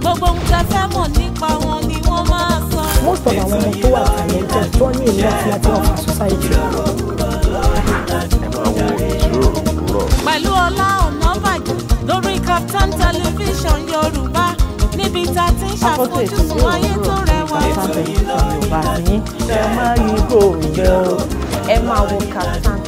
gbogbo ohun tẹ́ fẹ́ mọ̀ nípa wọn ni wọ́n máa sọ. most of àwọn ọmọ tó wà talented tó ní ìlú àti àti ọ̀fà society. pẹ̀lú Ọlá Ọ̀nàbàjọ lórí Kaftan television Yorùbá níbi tá a ti ń ṣàfojúsùn ayé tó rẹwà. ẹ máa yí kò rẹ̀ o ẹ máa wo Kaftan.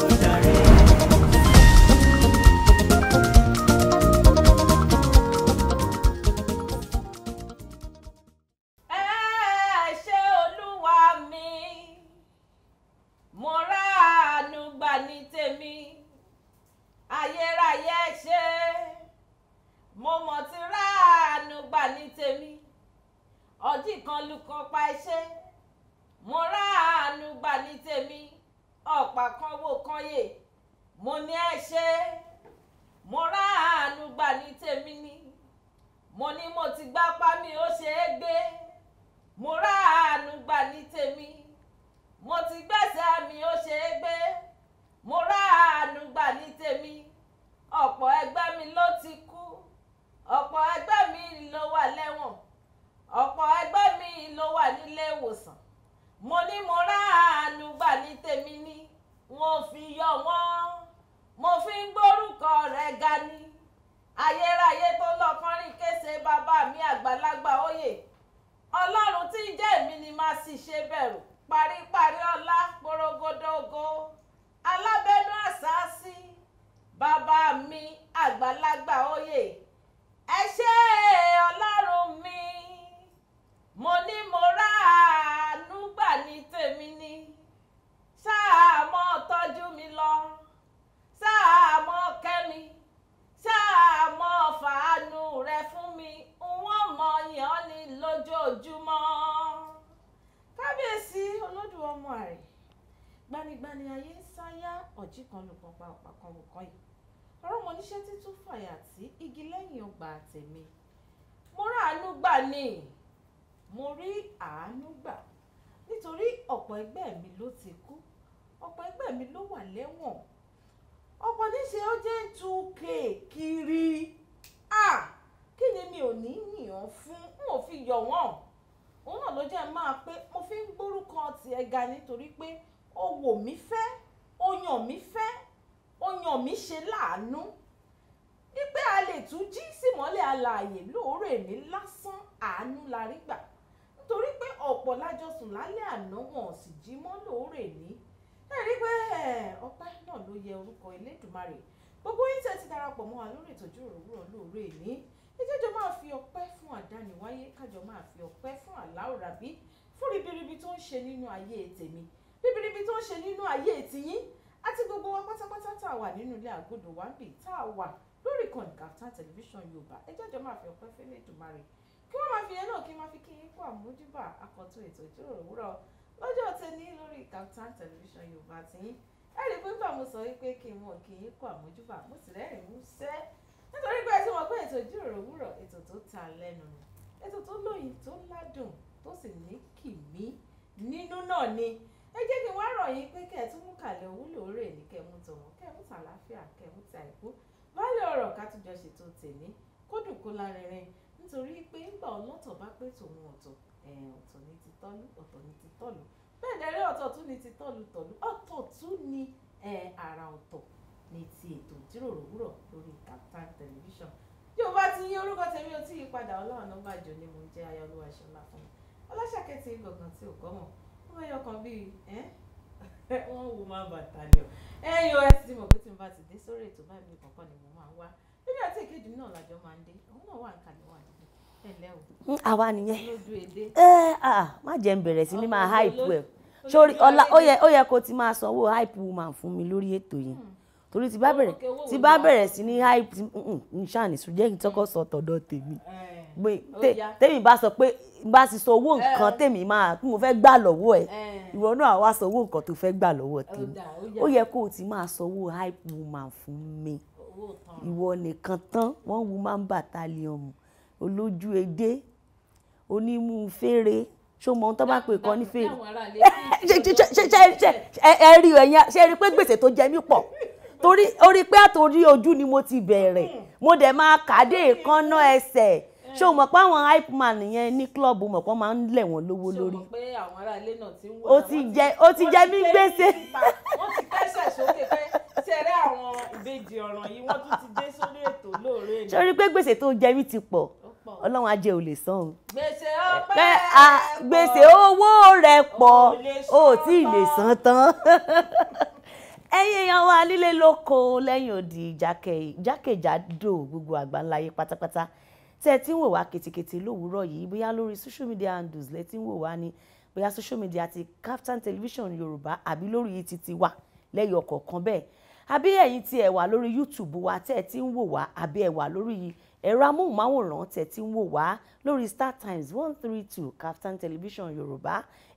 mo ní ẹ ṣe mo ráàánú gbà ní tèmi ni mo ní mo ti gbápá mi ó ṣe é gbé mo ráàánú gbà ní tèmi mo ti gbẹ́sẹ̀ mi ó ṣe é gbé. sùn lálẹ́ àná wọn sì jí mọ́ lóòrè ní ẹ̀rí pé ọpẹ́ náà ló yẹ orúkọ Elédùmarè gbogbo yín tẹ́ ti darapọ̀ mọ́ wa lórí ìtọ́jú òwúrọ̀ lóòrè ní ìjẹ́jọ́ máa fi ọpẹ́ fún àdániwáyé kájọ máa fi ọpẹ́ fún Aláù Rabi fún ribiribi tó ń ṣe nínú ayé tèmi ribiribi tó ń ṣe nínú ayé tiyín àti gbogbo wa pátápátá tá a wà nínú ilé àgọ́dọ̀ wa ń bì tá a wà lórí ìkànnì Kaftan television Yorùbá ẹ máa fi ọpẹ́ fún Elédùmarè kí wọ́n máa fi yẹn náà kí n máa fi kí yín kú àmójúbà akọ̀tún ètò ìjíròrò òwúrọ̀ lọ́jọ́ ní lórí Kaftan television yorùbá ti yín ẹ rí i mo sọ wípé kí n mọ̀ kí yín àmójúbà mo sì rẹ́rìn músẹ́ nítorí pé ta lẹ́nu ètò tó tó ládùn tó sì ni ẹ jẹ́ kí n wá rọ̀ yín pé kẹ́ ẹ tún mú òun lóore ní kẹ́ mú tọ̀wọ́ kẹ́ mú tàlàáfíà kẹ́ nítorí pé ńgbà ọlọ́tọ̀ bá pé tòun ọ̀tọ̀ ọ̀tọ̀ ni ti tọ́lú ọ̀tọ̀ ni ti tọ́lù bẹ́ẹ̀ dẹ́rẹ́ ọ̀tọ̀ tún ni ti tọ́lù tọ́lù ọ̀tọ̀ tún ni àrà ọ̀tọ̀ ni ti ètò ìjíròrò òwúrọ̀ lórí Kaftan television bí o bá ti yí orúkọ tèmi o tí ìpadà Ọlọ́run Ọbájọ ni mo ń jẹ́ aya Olúwaṣọlá fún mi ọlọ́ṣàkẹ́ ti gbọ̀ngàn tí ò gọ́mọ̀ wọ́n bá yọ kan bíi wọ́n wo máa bàtà ni ọ AOS tí mo gbé tí mo bá ti dé sórí ètò báyìí mi kọ̀ọ̀kan ni mo máa wá nígbà tí èkejì náà làjọ máa ń dé òun náà wà ń kalẹ̀ wà ní àwa nìyẹn ẹ ah má jẹ́ n bẹ̀rẹ̀ sí ní máa hype ẹ̀ sórí ọlá ó yẹ kó ti máa sanwó hype woman fún mi lórí ètò yìí hmm. torí ti bá bẹ̀rẹ̀ ti bá bẹ̀rẹ̀ sí ní hype n ṣàní sùn jẹ́ kí n tọ́kọ̀ hmm. sọ tọ̀dọ̀ tèmi tèmi bá sọ pé bá ti sọ owó nǹkan tèmi máa kí mo fẹ́ gbà lọ́wọ́ ẹ̀ ìwọ náà wá sọ owó nǹkan tó fẹ́ gbà lọ́wọ́ tèmi ó yẹ kó o ti máa sanwó hype woman fún mi ìwọ nìkan tán one woman battalion olójú edé onímú fèrè ṣó mọ ohun tó bá pè kọ́ ní fèrè ẹ rí ẹ̀yìn ṣe rí pé gbèsè tó jẹ mí pọ̀ torí orí pé àtòrí ojú ni mo ti bẹ̀rẹ̀ mo dẹ̀ máa kàdé èékánná ẹsẹ̀ ṣé o mọ̀ pé àwọn hype man yẹn ní klọ́ọ̀bù mọ̀ pé máa ń lẹ̀ wọ́n lówó lórí. ṣé o mọ̀ pé àwọn ará ilé náà ti ń wò. ó ti jẹ ó ti jẹ mí gbèsè. wọ́n ti kẹ́sẹ̀ sókè pé tẹ̀rẹ́ àwọn ìbejì ọ̀ràn yìí wọ́n tún ti dé sórí ètò lóore. ṣé o rí pé gbèsè tó jẹ mí ti pọ̀ ọlọ́run ajé ò lè san o. gbèsè ọpẹ́ rẹ pọ̀ gbèsè owó rẹ pọ̀ o ò tí ì lè san tán. ẹ̀yin èèyàn wa líle lóko lẹ́yìn odi jákèjádò gbogbo àgbáńlá ayé pátápátá tẹ́ ẹ ti ń wò wá kètèkètè lówùúrọ̀ yìí bóyá lórí social media handles lẹ́ ti ń wò wá ni bóyá social media ti captain television yorùbá àbí lórí yìí ti ti wà lẹ́yìn ọkọ̀ọ̀kan bẹ́ẹ̀ àbí ẹ̀yin tí ẹ wà lórí YouTube wa tẹ́ ẹ ti ń wò wá àbí ẹ wà lórí yìí ẹ̀rọ amóhùnmáwòrán tẹ̀ tí ń wò wá lórí Star Times one three two Captain Television Yorùbá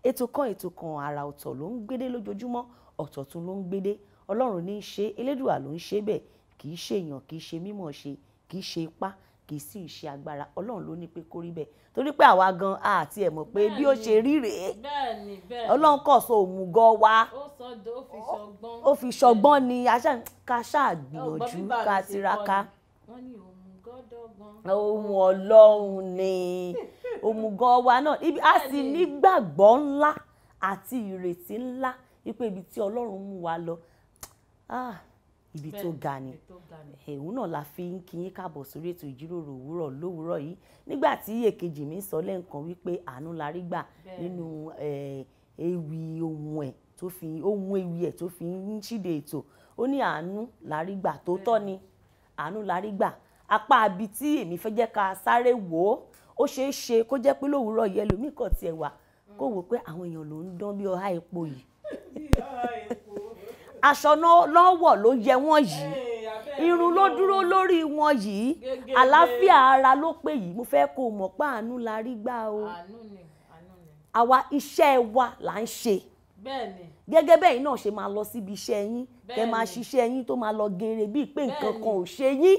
ètò kan ètò kan àrà ọ̀tọ̀ ló ń gbédé lójoojúmọ́ ọ̀tọ̀ tún ló ń gbédé Ọlọ́run ní í ṣe Elédùà ló ń ṣe bẹ́ẹ̀ kì í ṣe èèyàn kì í ṣe mímọ̀ ṣe kì í ṣe ipá kì í sì ṣe agbára ọlọ́run ló ní pé kó rí bẹ́ẹ̀ torí pé àwa gan àti ẹ̀ pé bí ó ṣe rí rèé ọlọ́run kò sọ òmùgọ̀ wa ó fi ṣọgbọ́n ni ká ṣáà gbìyànjú ká tiraka. wọ́n ní òun ohun ọlọ́run ni òmùgọ̀ wa náà ibi a sì nígbàgbọ́ ńlá àti ìrètí ńlá wípé ibi tí ọlọ́run mú wa lọ ah, ibi tó ga ni ẹ̀hún náà la fi ń kí yín káàbọ̀ sórí ètò ìjíròrò òwúrọ̀ lówùúrọ̀ yìí nígbà tí èkejì mi sọ lẹ́ǹkan wípé àánú la rí gbà nínú ewì ohun ẹ̀ tó fi ohun ewì ẹ̀ tó fi ń ṣíde ètò ó ní àánú la rí gbà tó tọ́ ni àánú la rí gbà apá abi tí èmi fẹ́ jẹ́ ká sáré wò ó ó ṣeé ṣe kó jẹ́ pé lówùúrọ̀ yẹ lómi kan tiẹ̀ wà kó wò pé àwọn èèyàn ló ń dán bí ọ̀há epo yìí aṣọ lọ́wọ̀ ló yẹ wọ́n yìí irun ló dúró lórí wọn yìí àlàáfíà ara ló pé yìí mo fẹ́ kó mọ̀ pé àánú la rí gbà o àwa iṣẹ́ wa là ń ṣe. bẹ́ẹ̀ gẹ́gẹ́ bẹ́ẹ̀ náà ṣe máa lọ síbi iṣẹ́ yín tẹ́ máa ṣiṣẹ́ yín tó máa lọ geere bíi pé nǹkan kan ò ṣe yín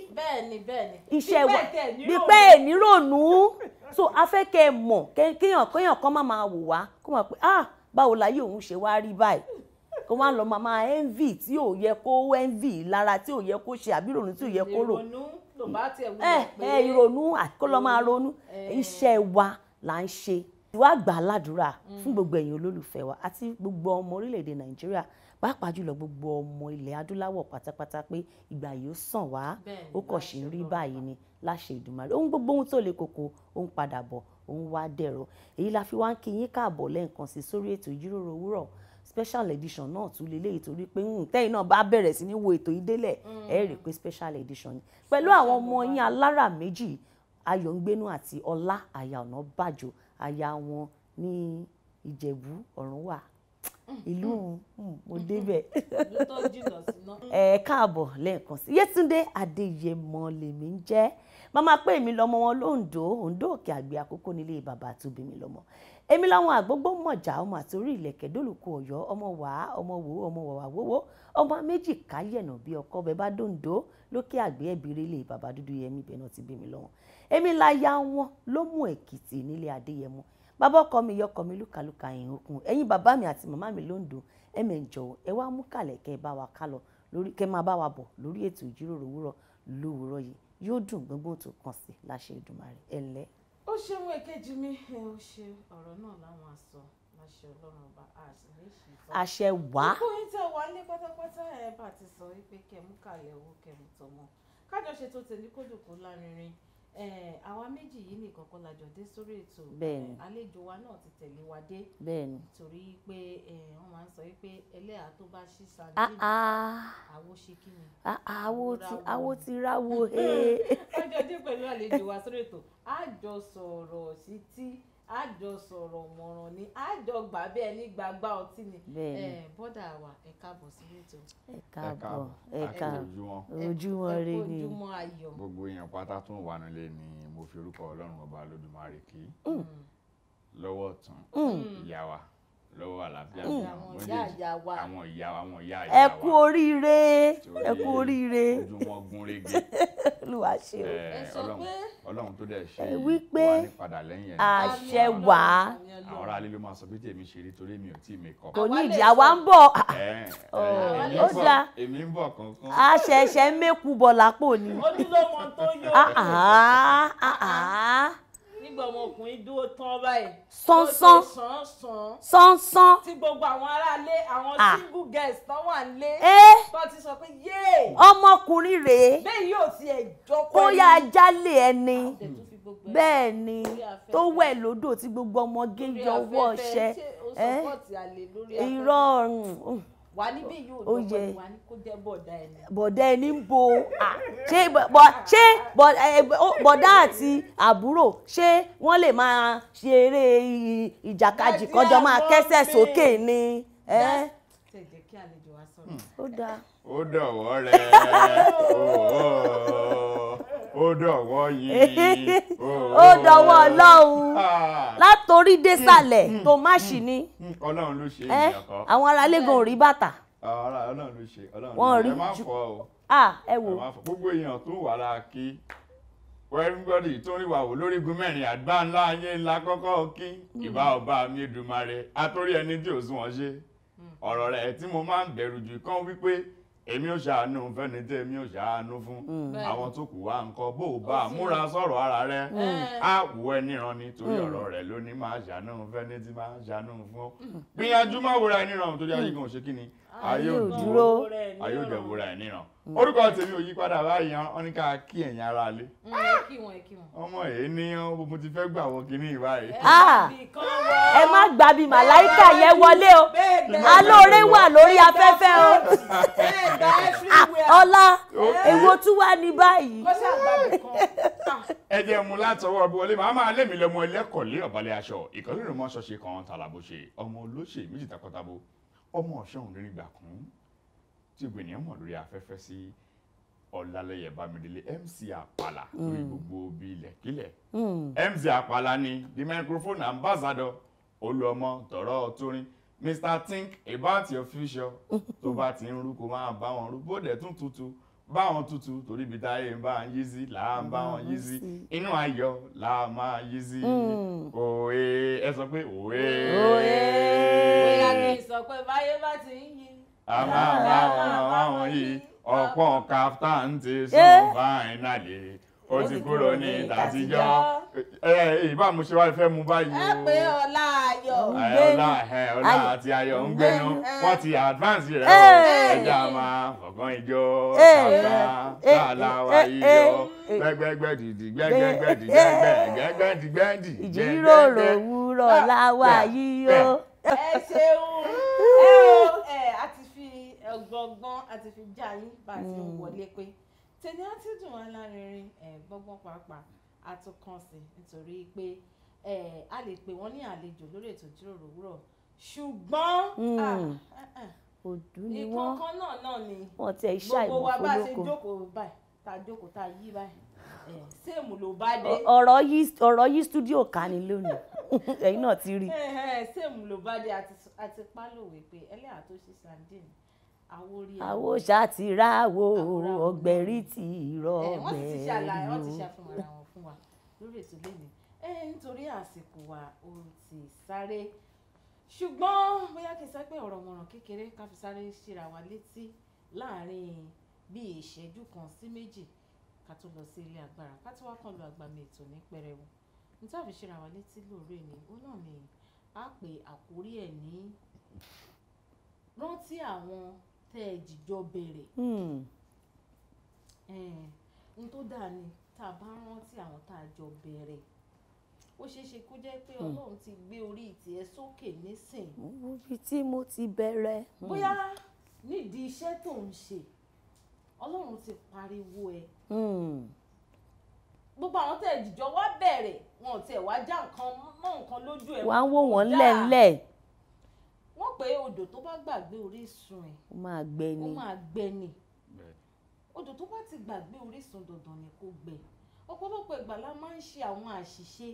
iṣẹ́ wa bíi pé nírònú so afẹ́kẹ́ mọ̀ kéèyàn kéèyàn kan má máa wò wá kó máa pé ah báwo láyé òun ṣe wá rí báyìí kó wá lọ máa máa envy tí ò yẹ kó envy lára tí ò yẹ kó ṣe àbí ìrònú tí ò yẹ kó rò eh, ẹ ẹ eh, ìrònú kó lọ máa mm, ronú eh. iṣẹ́ wa là ń ṣe ìwà àgbà aládùúrà mm. fún gbogbo ẹ̀yin olólùfẹ́ wa àti gbogbo ọmọ orílẹ̀-èdè nàìjíríà pàápàá jùlọ gbogbo ọmọ ilẹ̀ adúláwọ̀ pátápátá pé ìgbà yìí ó sàn wá ó kàn ṣì ń rí báyìí ni láṣẹ Èdùmàrè ohun gbogbo ohun tó le koko ohun padà bọ̀ ohun wá dẹ̀rọ̀ èyí la fi wá ń kí yín káàbọ̀ lẹ́ẹ̀kan sí sórí ètò ìjíròrò òwúrọ̀ special edition náà tún lè léyìí torí pé tẹ́yìn náà bá bẹ̀rẹ̀ sí ní wo ètò ìdélẹ̀ mm. ẹ rí i pé special edition ni pẹ̀lú àwọn ọmọ yín alára méjì Ayọ̀ngbénú àti Ọlá Aya Ọ̀nàbàjọ́ aya wọn ní Ìjẹ̀bú ọ̀run wà mm-hmm. ìlú mm, mo mm-hmm. débẹ̀. ìlú tó jìnnà sí náà. ẹ káàbọ̀ lẹ́ẹ̀kan sí Yétúndé Adéyẹmọ lèmi ń jẹ́ màmá pé èmi lọmọ wọn lóńdó òǹdó òkè àgbẹ̀ àkókò nílé bàbá tó bí mi lọmọ èmi làwọn àgbógbó mọ̀jà ọmọ àtòrí ìlẹ̀kẹ̀ dólùkù ọ̀yọ́ ọmọ wà á ọmọ wò ó ọmọ wàwà wówó ọmọ méjì káyẹ̀nà bí ọkọ bẹ bá dòǹdó lókè àgbẹ̀ ẹ̀bìrì ilé bàbá dúdú yẹmi ibẹ̀ náà ti bí mi lọ́wọ́ èmi láya wọn ló mú èkìtì nílé adéyẹmọ bàbá ọkọ mi yọkọ mi lùkàlùkà ẹ̀yìn okùn ẹ̀yin bàbá mi àti màmá mi lóńdó ẹ̀mẹ̀ ń jọ̀wọ́ ẹ wá mú kàlẹ̀ kẹ́ ẹ bá wa ká lọ lórí kẹ́ ẹ máa bá wa bọ̀ lórí ètò ìjíròrò òwúrọ̀ lówùúrọ̀ yìí yóò dùn gbogbo tó kàn sí láṣẹ Èdùmàrè ẹ̀lẹ́. ó ṣeun èkejì mi ẹ ó ṣe ọ̀rọ̀ náà láwọn àṣọ láṣẹ ọlọ́run ọba àṣẹ méjì àṣẹ wá. kókó yín tẹ wá lé pátápátá ẹ bá ti sọ wípé kẹmú kàlẹ̀ owó kẹmú tọmọ kájọ ṣètò tèmi kódòkó lárinrin àwa méjì yìí nìkan kọ́ la jọ dé sórí ètò àlejò wa náà ti tẹ̀lé wa dé torí pé wọ́n máa ń sọ pé ẹlẹ́yà tó bá ṣí sàǹdí ah, ah. àwo ṣe kí ni ah, àwo ti ráwo. ọjọ́ eh. dé pẹ̀lú àlejò wa sórí ètò àjọsọ̀rọ̀ sí tí a jọ sọ̀rọ̀ mọ̀ràn ni a gbà bí ẹni gbàgbá ọtí ni bọ́dà wa ẹ káàbọ̀ sí ètò. ẹ káàbọ̀ ẹ káàbọ̀ ojúmọ́ rẹ ni gbogbo èèyàn pátá tún wà nílé ni mo fi orúkọ ọlọ́run ọba lódùmarè kí mm. lọ́wọ́ tún mm. ìyá wa lọ́wọ́ àlàáfíà mm. àwọn ìyá wa àwọn ìyá wa ẹ kú oríire ẹ kú oríire ojú wọn olúwa ṣe o. ọlọ́run tó dẹ̀ ṣe wípé àṣẹ wà àwọn ará ilé ló máa sọ pé tèmi ṣe rí torí mi ò tí mi kọ. kò ní ìdí àwa ń bọ̀ ó dáa èmi ń bọ̀ kankan. a ṣẹ̀ṣẹ̀ mẹ́kù ni. ó ní lọ́mọ tó yọ. Ah, ah, ah, nígbà ọmọkùnrin dúró tán báyìí. sánsan sánsan. tí gbogbo àwọn aráalé àwọn ah. single girls tán wà nílé. tó ti sọ pé yéè. ọmọkùnrin rèé. bẹ́ẹ̀ yóò ti ẹ̀ jọ pé. kó yá ajálè ẹni bẹ́ẹ̀ ni tó wẹ̀ lódò tí gbogbo ọmọge yọ ọwọ́ ṣẹ. irọ́ ọ̀run wà níbí yìí ò jẹ́ pẹ̀lú wà ní kó jẹ́ bọ̀dá ẹni. bọ̀dá ẹni ń bo ṣé ṣé bọ̀dá àti àbúrò ṣé wọ́n lè máa ṣe ìjàkadì kọjọ́ máa kẹ́sẹ̀ sókè ni. ó dáa ó dọ̀wọ́ rẹ̀ ó dọ̀wọ́ yìí ó dọ̀wọ́ ọlọ́run ah. látòrí désàlẹ̀ hmm. tó má ṣì ní. Hmm. Hmm. ọlọ́run ló ṣe ìyàn kan. àwọn ará lẹ́gàn ò rí bàtà. Ah, ọlọ́run ló ṣe ọlọ́run ẹ má fọ o. Ah, ẹ wò. gbogbo èèyàn tó wà láà kí wẹ́rúngọ́dì tó ń wà lórí igun mẹ́rin àgbà ńlá ayé ńlá kọ́kọ́ kí ìbá ọba mi Èdùmàrè àtòrí ẹni tí ò sún wọn ṣe ọ̀rọ̀ rẹ̀ tí mo máa ń bẹ̀rù jù kán wípé èmi ò ṣàánú fẹ́ni tí èmi ò ṣàánú fún mm. àwọn tó kù wá nǹkan bó bá múra sọ̀rọ̀ ara rẹ mm. á wù ẹ níran ni torí mm. ọ̀rọ̀ rẹ ló ní máa ṣàánú fẹ́ni tí máa ṣàánú fún gbìyànjú máa wúra ẹ níran torí ayé kan ṣe kí ni ayé ò dúró ayé ò dẹ̀ wúra ẹ níran. Mm. orúkọ tèmi ò yí padà báyìí wọn ní ká kí ẹ̀yin ara lé. Mm, ọmọ èyí ní mo ti fẹ́ gbà wọ kíní ìbáyìí. Ah! ẹ má gbà bí màláìkà yẹn wọlé o alóore wà lórí afẹ́fẹ́ o ah, ọlá èwo tún wà ní báyìí. Ah. ẹ jẹ́ mu látọwọ́ bí wọlé màá máa lé mi lọ́mọ ẹlẹ́kọ̀ọ́ lé ọ̀bálẹ̀ aṣọ ìkọ́lé ìrìnmọ́ ṣọ́ṣe kan tàlàbọ̀ṣe ọmọ olóṣè méjì takọ́tabo ọmọ ọ̀ṣọ́ òun lórí ìgbà kan tí gbogbo ènìyàn mọ̀ lórí afẹ́fẹ́ sí ọ̀làlẹ́yẹ bámidélé mc àpàlà mm. lórí gbogbo ibi ilẹ̀kílẹ̀ mc mm. àpàlà ni the microphone ambassador olúọmọ tọ̀rọ̀ ọ̀túnrin mr think about your future tó bá ti ń rú máa bá wọn rú bóde tún tuntun báwọn tutù torí ibi táyé ń bá ń yí sí là ń bá wọn yí sí mm, inú ayọ̀ là máa yí sí òwe ẹ sọ pé òwe. bóyá kì í sọ pé báyé bá ti ń yí àmàlà àwọn yìí ọ̀pọ̀ kaftan ti sùn fáìnàlì ó ti kúrò ní ìtàtijọ́ ìbámu ṣe wá fẹ́ mu báyìí o. ẹ pé ọlá ayọ̀ ń gbénu ọlá ẹ ọlá àti ayọ̀ ń gbénu wọ́n ti advance rẹ̀ o ẹja máa fọ̀gán ìjọ kàkà kàlà wa ìjọ gbẹgbẹgbẹ dìdì gbẹgbẹgbẹ dìdì gbẹgbẹgbẹ dìdì gbẹdì. ìjíròrò òwúrọ̀ làwa yìí o. ẹ ṣeun ẹ ò gbọ̀ngbọ̀n àti fi já yín bá a ti ń hmm. wọlé pé tẹni á ti dùn alárinrin gbọ̀ngbọ̀n pàápàá a tún kàn sí nítorí pé a lè pè wọ́n ní àlejò lórí ètò ìjíròrò òwúrọ̀ ṣùgbọ́n hmm. ah, òdù ni wọ́n ìkọ̀ọ̀kan náà náà ni gbogbo wa bá ṣe jókòó báyìí tá a jókòó tá a yí báyìí sèmù ló bá dé. ọ̀rọ̀ yí ọ̀rọ̀ yí stúdíò ká ni lónìí ẹ̀yin náà ti rí. sèmù ló bá dé àti pálọ̀ wípé ẹlẹ́yà tó ṣe sandine àwo ṣàtìráwò ọ̀gbẹ̀rì ti rọ ọ̀gbẹ̀rì o. lórí ètò lẹ́yìn ẹ eh, nítorí àsìkò wa ó ti sáré ṣùgbọ́n bóyá kì í sáré pé ọ̀rọ̀ mọ̀ràn kékeré ká fi sáré ṣíra wa létí láàárín bíi ìṣẹ́jú kan sí méjì ká tó lọ sí ilé agbára ká tó wá kàn lu àgbàmì ètò ní pẹrẹwu níta fi ṣíra wa létí lóore ni ó náà ni a pè àkórí ẹ̀ ní rántí àwọn tẹ́ ẹ jìjọ bẹ̀rẹ̀ hmm. n tó dà ní tá a bá rántí àwọn tá a jọ bẹ̀rẹ̀ ó ṣeé ṣe kó jẹ́ pé hmm. ọlọ́run ti gbé orí tiẹ̀ sókè nísìn. mo bí tí mo ti bẹ̀rẹ̀. Hmm. bóyá nídìí iṣẹ́ tó ń ṣe ọlọ́run ti pariwo ẹ. gbogbo àwọn tẹ̀ jìjọ wá bẹ̀rẹ̀ wọn ò tiẹ̀ wá já nǹkan mọ́ nǹkan lójú ẹ̀. wàá wò wọ́n lẹ́ẹ̀lẹ́ẹ̀ pé odò tó bá gbàgbé orísun ẹ̀ ó máa gbẹ ni ó máa gbẹ ni odò tó bá ti gbàgbé orísun dandan ni kó gbẹ ọ̀pọ̀lọpọ̀ ìgbà la máa ń ṣe àwọn àṣìṣe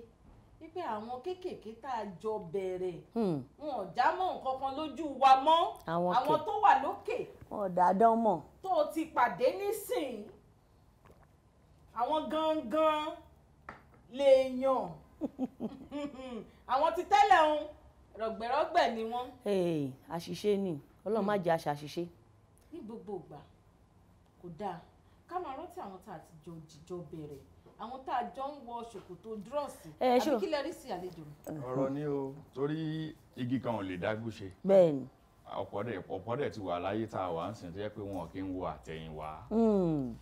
wípé àwọn kéékèèké tá a jọ bẹ̀rẹ̀ hmm. wọn ò já mọ́ nǹkan kan lójú wa mọ́ àwọn tó wà lókè wọn ò dáadán mọ̀ tó o ti pàdé nísìn àwọn gangan lèèyàn àwọn ti tẹ́lẹ̀ ń rọ̀gbẹ̀rọ̀gbẹ̀ ni wọ́n. àṣìṣe ni ọlọ́run má hmm. jẹ́ aṣàṣìṣe. ní gbogbo ìgbà kò dáa ká máa rántí àwọn tá a ti jọ jìjọ bẹ̀rẹ̀ àwọn tá a jọ ń wọ ṣòkòtò dúrọ́ọ̀sì àbí kí lẹ rí sí àlejò. ọ̀rọ̀ ni o torí igi kan ò lè dágbó ṣe. bẹ́ẹ̀ni. ọ̀pọ̀ dẹ̀ ti wà láyé tá a wà ń sìn tó yẹ pé wọn kì í wo àtẹ̀yìnwá hmm.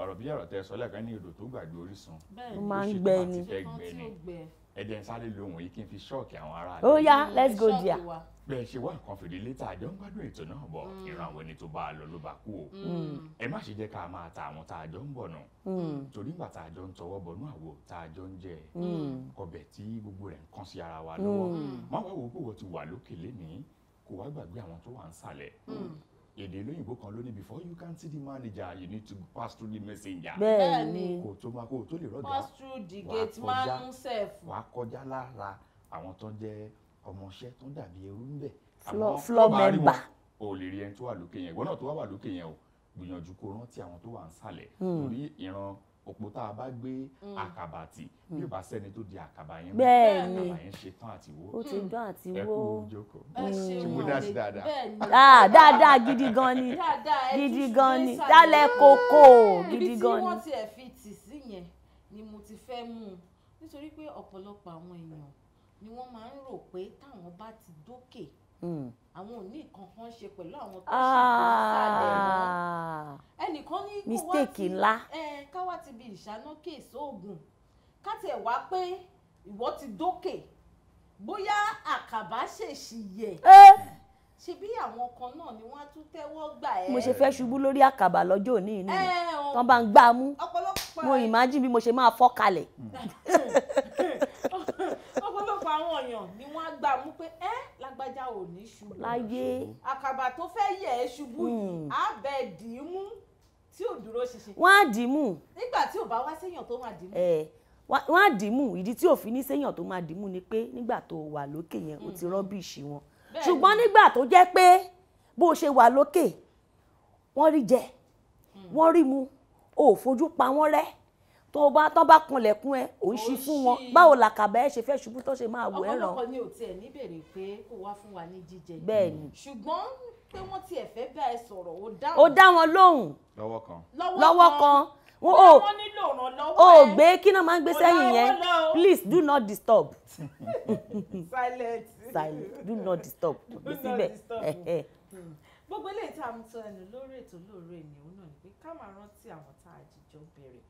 ọ̀rọ̀ bí ọ̀rọ̀ tẹ sọ lẹ́ẹ̀kan ní odò tó gbàgbé orísun. bẹ́ẹ̀ ni ó máa ń gbẹ ni ẹ̀jẹ̀ ń sáré lo òun yìí kí n fi ṣọ́ọ̀kì àwọn ará rẹ̀. ó let's go there. bẹ́ẹ̀ ṣe wá nǹkan fìdí létà àjọ ń gbádùn ètò náà bọ̀ mm. ìran àwọn ẹni tó bá a lọ ló bá kú o. Mm. ẹ má ṣe jẹ́ ká máa ta àwọn tá a jọ ń bọ̀ nù. Mm. torí ìgbà tá a jọ ń tọwọ́ bọnú àwo tá a jọ ń jẹ ọbẹ̀ tí gbogbo rẹ̀ ń kán sí ara wa lọ́wọ́ má wá wo pé wọ́n ti wà lókè lénìí kò wá gbàgbé àwọn tó wà ń sàlẹ̀ èdè lóyìnbó kan ló ní before you can see the manager you need to pass through the messenger. bẹ́ẹ̀ni kò tó máa kó o tó lè rọjà pass through the gate man self. wàá kọjá lára àwọn tó ń jẹ ọmọọṣẹ́ tó ń dàbí ẹrú ń bẹ. floor member o lè rí ẹni tó wà lókè yẹn ìwọ náà tó wà lókè yẹn o gbìyànjú kó rántí àwọn tó wà ń sàlẹ̀ hmm. torí ìran òpó tá a bá gbé mm. àkàbà tì bí ó mm. bá sẹ́ni tó di àkàbà yẹn mú àkàbà yẹn ṣe tán àti wó. ó ti mm. dán àti wó ẹ kú jókòó ṣe mú dá sí dáadáa. Ah, dáadáa gidi gan ni gidi gan ni dálẹ̀ kókó gidi gan ni. ibi tí wọ́n ti ẹ̀ fi tì sí yẹn ni mo ti fẹ́ mú un nítorí pé ọ̀pọ̀lọpọ̀ àwọn èèyàn ni wọ́n máa ń rò pé táwọn bá ti dókè Hmm. àwọn ò ní nǹkan ṣe pẹ̀lú àwọn tó ṣe kó ah. sálẹ̀ wọn ẹnìkan ní mistake ńlá káwá ti bi ìṣáná kéèsì oògùn ká tiẹ̀ wá pé ìwọ ti dókè bóyá àkàbà ṣèṣì yẹ ṣebí àwọn kan náà ni wọ́n á tún tẹ́wọ́ gbà ẹ́. mo ṣe fẹ́ ṣubú lórí àkàbà lọ́jọ́ òní ìní tán bá ń gbá a mú mo imagine bí mo ṣe máa fọ́ kalẹ̀. ọ̀pọ̀lọpọ̀ àwọn èèyàn ni lágbájá ò ní ṣubú láyé àkàbà tó fẹ́ yẹ̀ ẹ́ ṣubú yìí á hmm. bẹ dì í mú tí ò dúró ṣinṣin. wọ́n á dì í mú. nígbà tí ò bá wá séèyàn tó máa dì í ẹ wọ́n á dì ìdí tí òfin ní séèyàn tó máa dì ni pé nígbà tó wà lókè yẹn o ti hmm. rọ́bìṣì wọn ṣùgbọ́n nígbà tó jẹ́ pé bó o ṣe wà lókè wọ́n rí jẹ hmm. wọ́n rí mu o ò fojú pa wọ́n rẹ́ tó bá tán bá kanlẹ̀kùn ẹ òun ṣí fún wọn báwo làkàbà ṣe fẹ́ ṣubú tó ṣe máa wọ ẹ ràn. ọ̀pọ̀lọpọ̀ ni ò tiẹ̀ níbèrè pé kó wá fún wa ní jíjẹ. bẹ́ẹ̀ni. ṣùgbọ́n pé wọ́n tiẹ̀ fẹ́ bá ẹ sọ̀rọ̀ ó dá wọn. ó dá wọn lóhùn. lọ́wọ́ kan. lọ́wọ́ kan wọn ò ò gbé kí náà máa ń gbé sẹ́yìn yẹn please do not disturb. silent. silent do not disturb. do not disturb gbogbo eléyìí tá a mú tọ́ ẹnu lórí ètò lóore ènìyàn náà ni pé ká máa rántí àwọn tá a jìjọ bẹ̀rẹ̀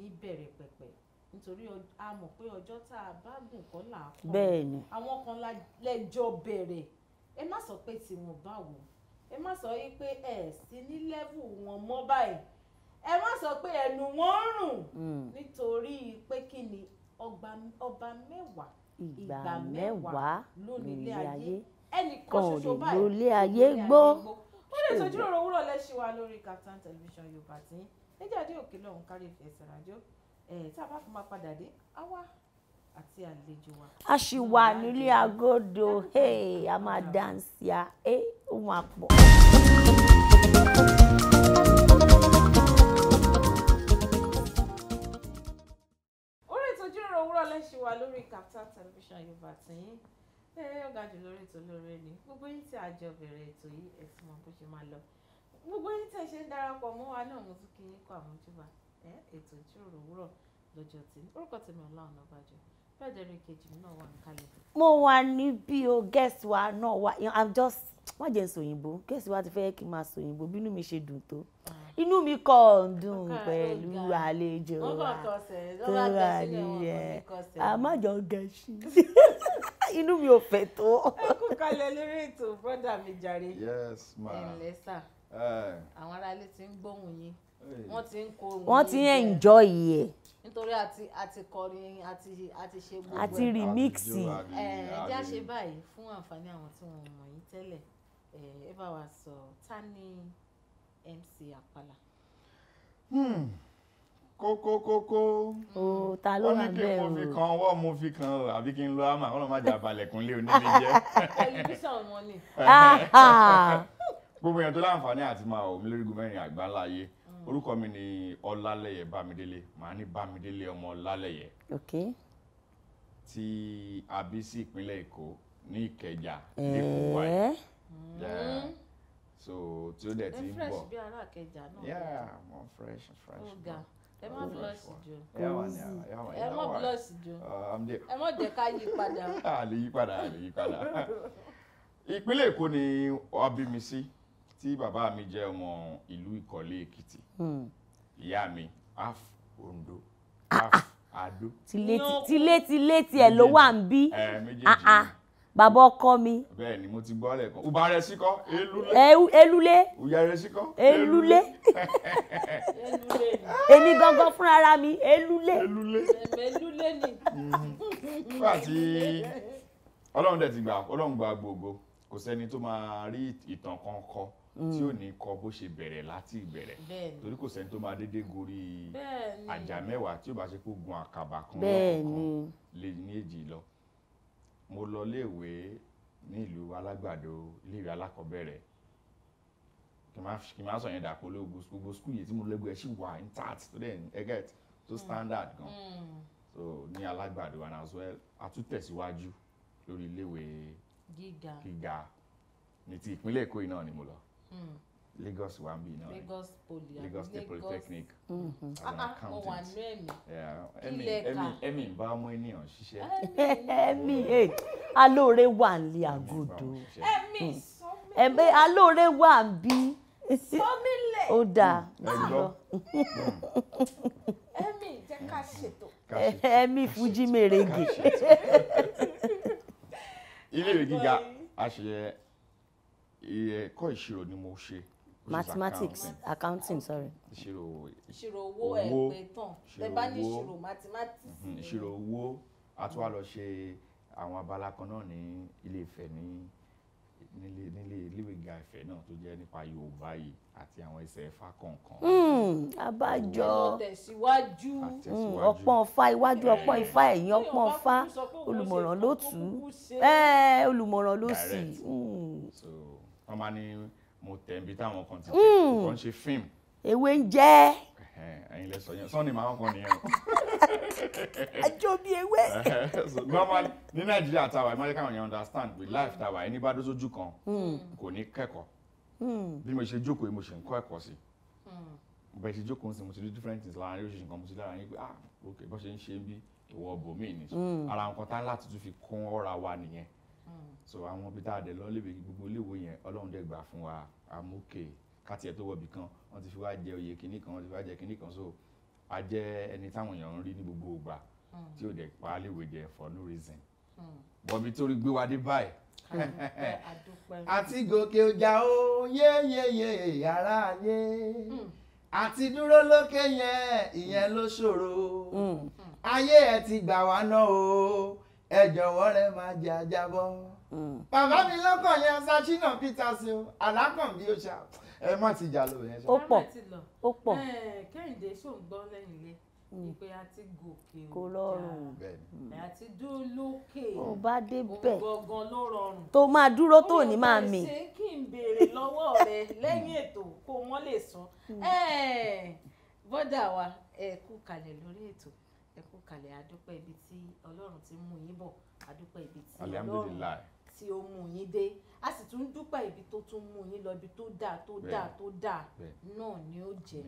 níbẹ̀rẹ̀ pẹ̀pẹ̀ nítorí a mọ̀ pé ọjọ́ tá a bá gùn kọ́ là á kọ́ bẹ́ẹ̀ni àwọn kan lẹ́jọ́ bẹ̀rẹ̀ ẹ má sọ pé tiwọn báwo ẹ má sọ yí pé ẹ sí ní lẹ́vù wọn mọ́ báyìí ẹ má sọ pé ẹnu wọn ń rùn hmm. nítorí pé kí ni ọba mẹ́wàá ìgbà mẹ́wàá lónílé ayé ẹnìkan ṣoṣo báyìí lónílé ayé gbọ́ ó lè tọ́jú òwúrọ̀ lẹ́sìn wa lórí Kaftan television yorùbá tí níjàdí òkè lọ́hùn kárí ìfẹ́ sàràjọ́ ẹ̀ tá a bá fi máa padà dé á wá àti àlejò wa. a sì wà nílé agodo a máa dànsì à ohun àpọ̀. orí ètò ìjíròrò òwúrọ̀ lẹ́sìn wa lórí Kaftan television yorùbá tẹ̀yìn ẹ̀ ọ̀gá jù lórí ètò lórí ẹni gbogbo yín tí a jọ bẹ̀rẹ̀ ètò yìí ẹ̀sìn wọn bó ṣe máa lọ gbogbo yín tẹ̀ ṣe ń darapọ̀ mọ́ wa náà mo tún kí yín kó àmójúbà ètò ìjíròrò òwúrọ̀ lọ́jọ́ tèmi orúkọ tèmi Ọlá Ọ̀nàbàjọ́ fẹ́ẹ̀dẹ̀rẹ̀ kejì náà wà ní mo wà níbí o guest wa náà wà i'm just wọ́n jẹ́ sòyìnbó guest wa ti fẹ́ kí n máa sòyìnbó bínú mi ṣe dùn tó ah. inú mi kò dùn pẹ̀lú àlejò wa tó wà nílẹ̀ àmàjọ gẹ̀ẹ́sì inú mi ò fẹ́ tó. ẹ kú kalẹ̀ lórí ètò brọ́dà mi jàre. ẹ̀ ǹlẹ́ Eh. àwọn aráalé ti ń gbóhùn yín wọ́n ti ń kó wọ́n ti ń enjoy ẹ̀ nítorí àti àti kọrin àti àti ṣe gbogbo ẹ̀ àti remixi ẹ̀ ẹ̀ já báyìí fún àǹfààní àwọn tí wọ́n mọ̀ yín tẹ́lẹ̀ ẹ̀ eh, ẹ bá wa sọ ta ni MC Àpàlà. Hmm. kókókókó ta ló wà bẹ́ẹ̀ o ó ní kí n fi kan ọwọ́ mo fi kan àbí kí n lo àmà ọlọ́mọdé àbálẹ̀kùnlé onílé jẹ́. tẹlifíṣàn wọn ni. Ah, ah gbogbo èèyàn tó láǹfààní àti máa wò mí lórígun mẹ́rin àgbà ńlá ayé mm. orúkọ mi ni ọlálẹyẹ bámidélé màá ní bámidélé ọmọ ọlálẹyẹ tí a bí sí ìpínlẹ̀ èkó ní ìkẹjà eh. mm. so tí ó dẹ̀ ti ń bọ̀ fresh bí ará yeah mo fresh fresh mo ẹ má blọọsì jù ẹ má blọọsì jù ẹ má uh, jẹ ká yí padà. a lè yí padà a lè yí padà ìpínlẹ̀ èkó ni a bí mi sí. Si tí bàbá mi jẹ́ ọmọ ìlú ìkọ̀lé èkìtì hmm. ìyá mi af ondo ah, af ah. ado tilé tilé tilé tiẹ̀ ló wà ń bí ah, bàbá ọkọ mi. bẹ́ẹ̀ ni mo ti gbọ́ lẹ́ẹ̀kan uba rẹ sí kọ́ elule. elule. uya rẹ sí kọ́ elule. èmi gangan fúnra mi elule. elule. elule ni. nígbà tí ọlọ́run dẹ̀ ti gbà ọlọ́run gba gbogbo kò sẹ́ni tó máa rí ìtàn kan kọ́ tí ò mm. ní kọ bó ṣe bẹ̀rẹ̀ láti ìbẹ̀rẹ̀ torí kò sẹ́ni tó máa dédé gorí àjà mẹ́wàá tí ò bá ṣe kó gun àkàbà kan lọ́kọ̀ọ̀kan lè ní èjì lọ mo lọ léèwé ní ìlú alágbàdo iléèwé alákọ̀ọ́bẹ̀rẹ̀ kì máa sọ yẹn dà lóògùn gbogbo skul yìí tí mo lẹ́gbẹ̀ẹ́ sì wà intact tó dẹ̀ ẹgẹ́t tó mm. standard gan mm. so ní alágbàdo and as well a tún tẹ̀síwájú lórí iléèwé gíga ní ti ìpínlẹ̀ èkó yìí náà ni mo lọ. Hmm. Lagos wa bi náà Lagos Poly Lagos State Polytechnic mm-hmm. as an ah, ah, accountant ẹmi Emi, bá mú ènìyàn ṣiṣẹ́. ẹmi ẹ alóore wà ní agodo ẹmi hmm. alóore wà bí ó dáa ẹmi jẹ ká ṣètò. ẹmi fújì mèrègè. ilé ìwé gíga a ẹ̀kọ́ ìṣirò ni mo ṣe. mathematics accounting, sorry. ìṣirò owó ẹ̀ pé bá ní ìṣirò mathematics. Mhm, ìṣirò owó a tún wá lọ ṣe àwọn abala kan náà ní ilé Ifẹ̀ ní nílé nílé iléèwé ga náà tó jẹ́ nípa Yorùbá yìí àti àwọn ẹsẹ̀ ẹ̀fà kọ̀ọ̀kan. abájọ hmm, hmm, tẹ̀síwájú ọpọ́n ọ̀fà iwájú ọpọ́n ifá ẹ̀yìn ọpọ́n ọ̀fà olùmọ̀ràn ló tù ú olùmọ̀ràn ló sì. Hmm. so wọ́n máa ní mo tẹ̀ níbi táwọn kan ti tẹ̀ hmm. kò ń ṣe fíìmù. ewé ń jẹ́. ẹyin lẹ sọ yẹn sọ́ni máa ń kàn nìyẹn o. ẹjọ́ ewé. normally ní nàìjíríà tàwa ẹ má jẹ́ káwọn yẹn understand with life tàwa ẹni bá dó sójú kan hmm. kò ní kẹ́kọ̀ọ́ hmm. bí mo ṣe jókòó mo ṣe ń kọ́ ẹ̀kọ́ sí bẹ́ẹ̀ ṣe jókòó sí mo ti rí different things láàrin oṣù nǹkan mo ti lára yín pé ah ok bó ṣe ń ṣe bí ìwọ ọbọ mi ni ara nǹkan tá láti tún fi kún ọ̀rá wa nìyẹn so àwọn ibi tá a dẹ̀ lọ lébi gbogbo iléèwé yẹn ọlọ́run dẹ̀ gbà fún wa amókè káti ẹ̀ tó wọ̀bì kan wọ́n ti fi wá jẹ oyè kìíní kan wọ́n ti fi wá jẹ kìíní kan so a jẹ́ ẹni táwọn èèyàn ń rí ní gbogbo ìgbà tí ò dẹ̀ pa léèwé jẹ for no reason bọ̀bí tó rí gbé wa dé báyìí àti gòkè ọjà ó yéyéyé ara yé àti dúró lókè yẹn ìyẹn ló ṣòro mm. ayé ẹ ti gbà wá náà o ẹ jọ̀wọ́ rẹ máa jẹ ajá bọ́. Mm. bàbá mi lọ́kàn yẹn sachina peterson o alákàn bí ó ṣá ẹ má ti jà lò yẹn. ó pọ̀ ó pọ̀. kẹ́hìndé ṣòǹgbọ́n lẹ́yìn lẹ́yìn mm. ìpè àti gòkè kò rọrùn àti dúró lókè ò bá débẹ̀ gangan ló rọrùn tó máa dúró tó ní máa mì. ó yẹ kí n béèrè lọ́wọ́ rẹ lẹ́yìn ètò kó wọ́n lè sùn mm. bọ́dà wa ẹ kú kalẹ̀ lórí ètò ẹ kú kalẹ̀ adúpẹ́ ibi tí ọlọ́run ti mú yín bọ̀ adúpẹ́ ibi tí ọlọ́run tí ó mú yín dé a sì tún dúpẹ́ ibi tó tún mú yín lọ ibi tó dáa tó dáa tó dáa náà ni ó jẹ́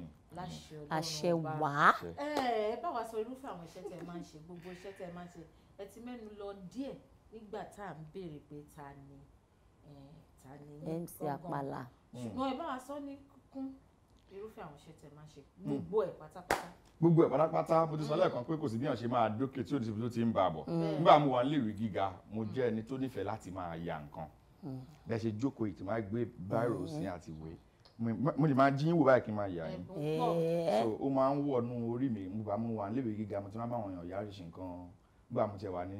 láṣẹ ọlọ́run bá ẹ ẹ bá wa sọ irúfẹ́ àwọn iṣẹ́ tẹ́ ẹ máa ń ṣe gbogbo iṣẹ́ tẹ́ máa ń ṣe ẹ ti mẹ́nu lọ díẹ̀ nígbà tá à ń béèrè pé ta ni ta ni MC Àpàlà ṣùgbọ́n ẹ bá wa sọ ní kún irúfẹ́ àwọn iṣẹ́ tẹ́ máa ń ṣe hmm. gbogbo ẹ̀ pátápátá gbogbo ẹ̀ pátápátá mo ti sọ lẹ́ẹ̀kan pé kò sí bí wọ́n ṣe máa dókè tí òdìsí tó ti ń bà bọ̀ mm. mm. nígbà mo wà níléèwé gíga mo jẹ́ ẹni tó nífẹ̀ẹ́ láti máa ya nǹkan mm. bẹ́ ṣe jókòó ìtì máa gbé bírò sí àti ìwé mo lè máa jíyìn wò báyìí kí n máa yà yín so ó máa ń wọnú orí mi mo bá mo wà níléèwé gíga mo ti máa bá àwọn èèyàn yára ṣe nǹkan nígbà mo ti wà ní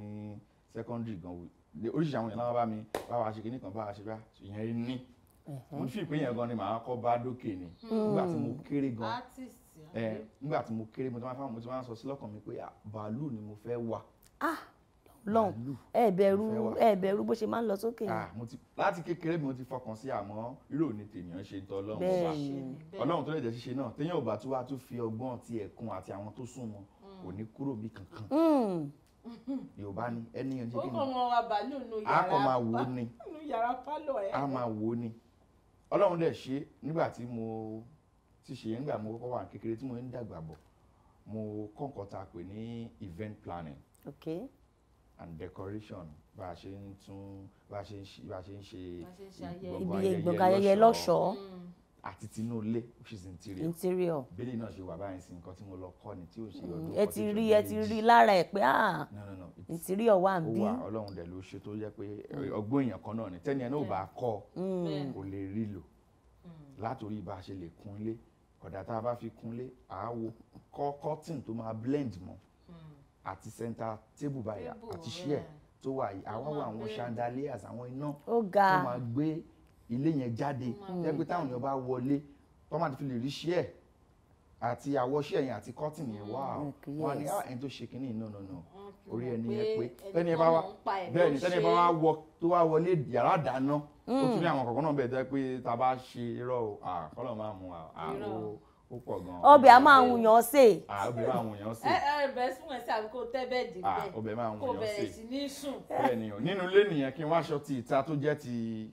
secondary gan oríṣiríṣi àwọn èèyàn láwọn bá mi bá wa ṣe kíní kan bá wa ṣe bá ìyẹn ní mo fi ìpínyẹn gan ni màá kọ́ bá dókè ni nígbà tí mo kéré gan artist ẹ nígbà tí mo kéré mo ti máa fáwọn mo ti máa sọ sí lọ́kàn mi pé ah, bàálù ni mo fẹ́ wà. ah lọ́hùn ẹ bẹ̀rù ẹ bẹ̀rù bó ṣe máa ń lọ sókè. Ah, láti kékeré mi mo ti fọkàn sí àmọ́ rírò ni tèèyàn ṣe tọ́ ọlọ́run ọba ọlọ́run tó lè jẹ́ ṣíṣe náà téèyàn ò bá tún wá tún fi ọgbọ́n ti ẹ̀kún àti àwọn tó sún mọ́ mm. kò ní kúrò bí kankan hmm. yorùbá ni ẹni yẹn jẹ́ kí ni a kò máa wò ó ni a máa wò ni ọlọ́run dẹ̀ ṣe nígbà tí mo ti ṣe ń gbà mo kọ́kọ́ wà kékeré tí mo ń dàgbà bọ̀ mo kọ́ nǹkan pè ní event planning okay. and decoration bá a ṣe ń tún bá a ṣe ń ṣe bá a ṣe ń ṣe ìgbọ̀ngàn ayẹyẹ lọ́ṣọ̀ọ́ mm. àti tinú ilé which is interior interior bẹ́ẹ̀ náà ṣe wà báyìí sí nǹkan tí mo lọ kọ́ ni tí ò ṣe mm. ọdún ẹ ti rí ẹ ti rí lára ẹ pé ah interior wà ń bí ó wà ọlọ́run dẹ̀ ló ṣe tó jẹ́ pé eh, ọgbọ́n èèyàn kan náà ni tẹ́ni náà ò bá kọ́ mm. kò lè rí lò látòrí bá a ṣe lè kún ilé ọ̀dà tá a bá fi kúnlé àáwo kọ́ curtain tó máa blend mọ́ hmm. àti center table báyìí àti chair tó wà yìí àwa wà àwọn chandeliers àwọn iná tó máa gbé ilé yẹn jáde jẹ́pẹ́ táwọn èèyàn bá wọlé tó máa fi lè rí chair àti àwọ̀ chair yẹn àti curtain yẹn wá wọn ni ẹni tó ṣe kínní no no no orí ẹni yẹn pé tẹ́ni bá wá bẹ́ẹ̀ ni tẹ́ni bá wá wọ tó wá wọlé yàrá dáná ó tún ní mm. àwọn kọ̀ọ̀kan náà bẹ̀ tẹ́ pé tá a bá ṣe irọ́ o kọ́lọ̀ máa mú àwọn ó pọ̀ gan-an. ọbẹ̀ a máa ń yan sè. ọbẹ̀ máa ń yan sè. ẹ ẹ bẹ̀rẹ̀ sún ẹ̀sẹ̀ àbí kò tẹ́ dì bẹ́ẹ̀ ọbẹ̀ bẹ̀rẹ̀ sí ní sùn. bẹ́ẹ̀ ni o nínú ilé nìyẹn kí n wá aṣọ ti ìta tó jẹ́ ti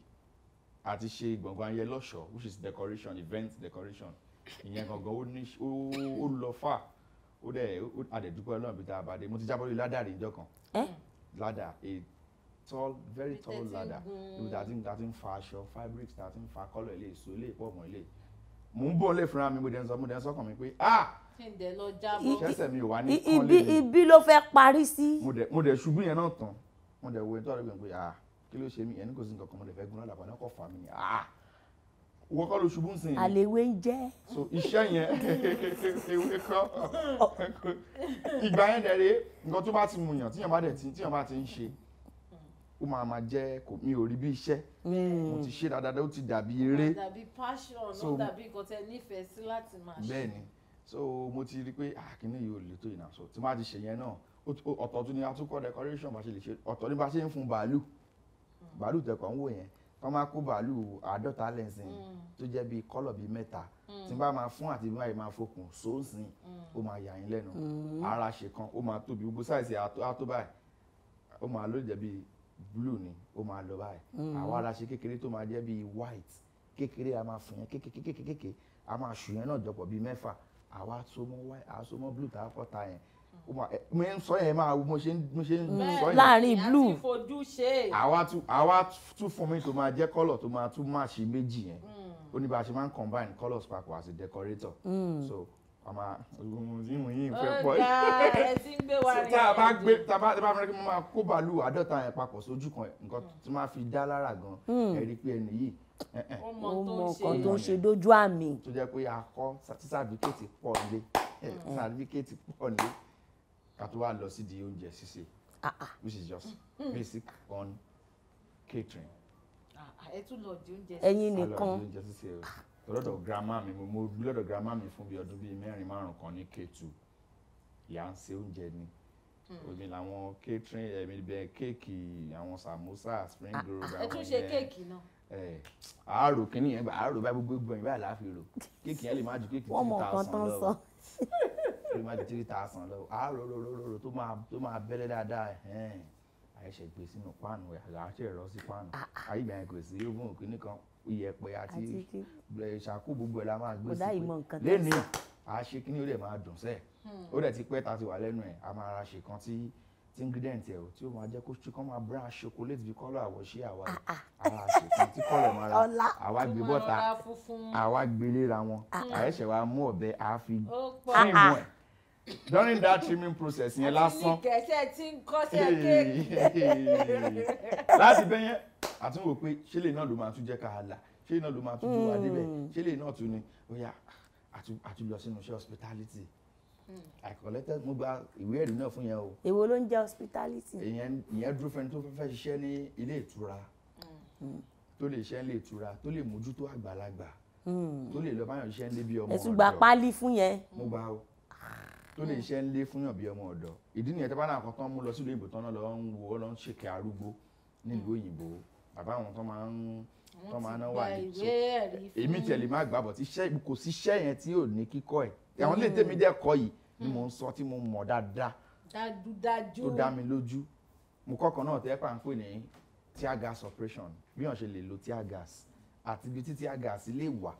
àti ṣe gbọ̀ngàn ayẹyẹ lọ́ṣọ̀ọ́ which is decoration event decoration ìyẹn gangan ó lọ fà ó dẹ̀ àdẹ̀dúpẹ́ náà bí tá mo ti jábọ́ lórí ládàrí ìjọ kan ládà a tall very tall ladder níbi mm. tá a ti ń fa aṣọ fabrics tá a ti ń fa kọ́lọ̀ ilé èso ilé ìpọ̀ mọ́ ilé mò ń bọ̀ lè fúnra mi mo dẹ̀ ń sọ mo dẹ̀ ń sọ́kàn mi pé ah ṣẹ́sẹ̀ mi ò wá ní kán lé ibi ló fẹ́ parí sí. mo dẹ̀ ṣubú yẹn náà tán mo dẹ̀ wo ẹni tó àdúgbò pé ah kí ló ṣe mí ẹni kò sí nǹkan kan mo dẹ̀ fẹ́ gún ládàá padà kọ́ fà mí ah wọ́n kọ́ ló ṣubú ń sìn. àlèwé ń jẹ́. so iṣẹ́ yẹn ewé kọ́ ìgbà yẹn dẹ̀rẹ́ nǹkan tó bá ti mú yàn tíyàn bá dẹ̀ ti tíyàn bá ti ń ṣe ó máa máa jẹ́ kò mi ò rí bí iṣẹ́ hmm. mo ti ṣe dáadáa ó ti dàbí eré. dàbí passion ó dàbí nǹkan tẹ nífẹ̀ẹ́ sí láti máa ṣe. bẹ́ẹ̀ni so mo ti rí pé àkíní ah, yìí ò lè tó ìnáṣọ tí má ti ṣe yẹn náà ọ̀tọ̀ tún ni atukọ̀ decoration bá ṣe lè ṣe ọ̀tọ̀ ní bá ṣe ń fún bàálù hmm. bàálù tẹ̀kọ̀ ń wò yẹn kọ́ máa kó bàálù àádọ́ta lẹ́sìn hmm. tó jẹ́ bíi kọ́lọ̀ bíi mẹ́ta hmm. tí n bá máa fún àti bí máa fokùn sóòsìn hmm. ó máa yà yín lẹ́nu ara ṣe kan ó máa tóbi gbogbo sáìsì àtó báyìí ó máa ló jẹ́ bíi blue ni ó máa lọ báyìí àwọn ara ṣe kékeré tó máa jẹ́ bíi white kékeré a máa fún yẹn kékékékékéké a máa ṣù yẹn náà jọpọ̀ bíi mẹ́fà àwa so blue tá a kọ́ ta yẹn mo ń sọ yẹn máa mo ṣe ń mo ṣe ń sọ yẹn. láàrin blue àwa tún àwa tún fún mi tó máa jẹ́ kọ́lọ̀ tó máa tún máa ṣe méjì yẹn hmm. ó ní bá a ṣe máa ń combine colours papọ̀ as a decorator hmm. so àmà ìwọ̀n yìí ń fẹ́ oh, pọ̀ yìí tá a bá gbé tá a bá tá a bá fẹ́ kí mo máa kó bàálù àádọ́ta yẹn papọ̀ sójú kan nǹkan hmm. tí máa fi dá lára gan ẹ rí pé ẹni yìí ó mọ nǹkan tó ń ṣe dójú àmì. tó jẹ́ pé akọ sátísàbíkẹ́tì pọ̀ lé sátísàbíkẹ́tì pọ̀ lé ká tó wá lọ sí di oúnjẹ ṣíṣe ah, ah. which is just mm-hmm. basic on catering. Ah, ẹ tún lọ di oúnjẹ ṣíṣe. ẹ̀yin nìkan a lọ di oúnjẹ ṣíṣe o lọ́dọ̀ grandma mi mo lọ́dọ̀ grandma mi fún bíi ọdún bíi mẹ́rin márùn-ún kan ní K2 ìyá ń ṣe oúnjẹ ni èmi hmm. làwọn catering èmi eh, bẹ kéèkì àwọn samosa spring roll àwọn yẹn ẹ tún ṣe kéèkì náà àárò eh, kìnìyàn àárò bá gbogbo ìgbọ̀nyìn báyìí láàfin rò kéèkì yẹn lè má ju kéèkì two thousand lọ pé má di three thousand lọ àárò rorororo tó máa tó máa bẹ́lẹ́ dáadáa ẹ̀hẹ́n àìṣe gbé sínú páànù àṣẹ ẹ̀rọ sí páànù àyígbà ah, ah. yẹn kò sí oven kìíní kan iyẹ̀pẹ̀ àti ṣàkó gbogbo ẹ̀ la máa gbé sí pé lẹ́nu àṣe kí ni ó dẹ̀ máa dùn sẹ́ẹ̀ hmm. ó dẹ̀ ti pẹ́ ta ti wà lẹ́nu ẹ̀ a máa ra ṣe kan tí tí ingredient ẹ̀ tí ó máa jẹ́ kó tí kò máa brown chocolate bí kọ́lọ̀ àwọ̀ ṣé àwa àwa ah, àṣetán tí kọ́lọ̀ máa ra àwa gbé bọ́ta àwa gbélé ra wọn àyẹ̀ṣẹ̀ wa mú ọ̀bẹ àá fi fíìmù ẹ̀ during that trimming process yẹn lásán láti bẹ́ẹ̀ yẹn àtúnwò pé ṣẹlẹ̀ náà ló máa tún jẹ́ ká là ṣẹlẹ̀ náà ló máa tún dúró adébẹ̀ hmm. ṣẹlẹ̀ náà tún ni ó yà àtúlọ sínú iṣẹ́ hospitality hmm. I collected mo gba ìwé ẹ̀rí náà fún yẹn o. èwo ló ń jẹ́ hospitality. ìyẹn ìyẹn dúró fẹ́ni tó fẹ́ ṣiṣẹ́ ní ilé ìtura hmm. tó lè ṣiṣẹ́ ní ilé ìtura tó lè mójútó àgbàlagbà tó lè lọ báyọ̀ ṣiṣẹ́ níbi ọmọ ọ̀dọ́. ẹ̀sùn gba pálí fún yẹn. mo gba o tó lè ṣe ń lé fún yàn bí ọmọ ọ̀dọ́ ìdí nìyẹn tó bá náà kọ́kọ́ mú lọ sí ìlú ìbò tán lọ ń wo ọ lọ ń ṣèkè arúgbó nílùú òyìnbó bàbá àwọn tó máa ń tó máa náwó àyè so èmi tẹ̀lé má gbàbọ̀ tí iṣẹ́ kò sí iṣẹ́ yẹn tí ò ní kíkọ́ ẹ̀ àwọn ilé tèmi dẹ́ kọ́ yìí ni hmm. mò ń sọ tí mo mọ̀ dáadáa tó dá mi lójú mo kọ́kọ́ náà tẹ́ pà ń pè ní tear gas operation bí wọ́n ṣe lè lo tear gas àti ibi tear gas lè wà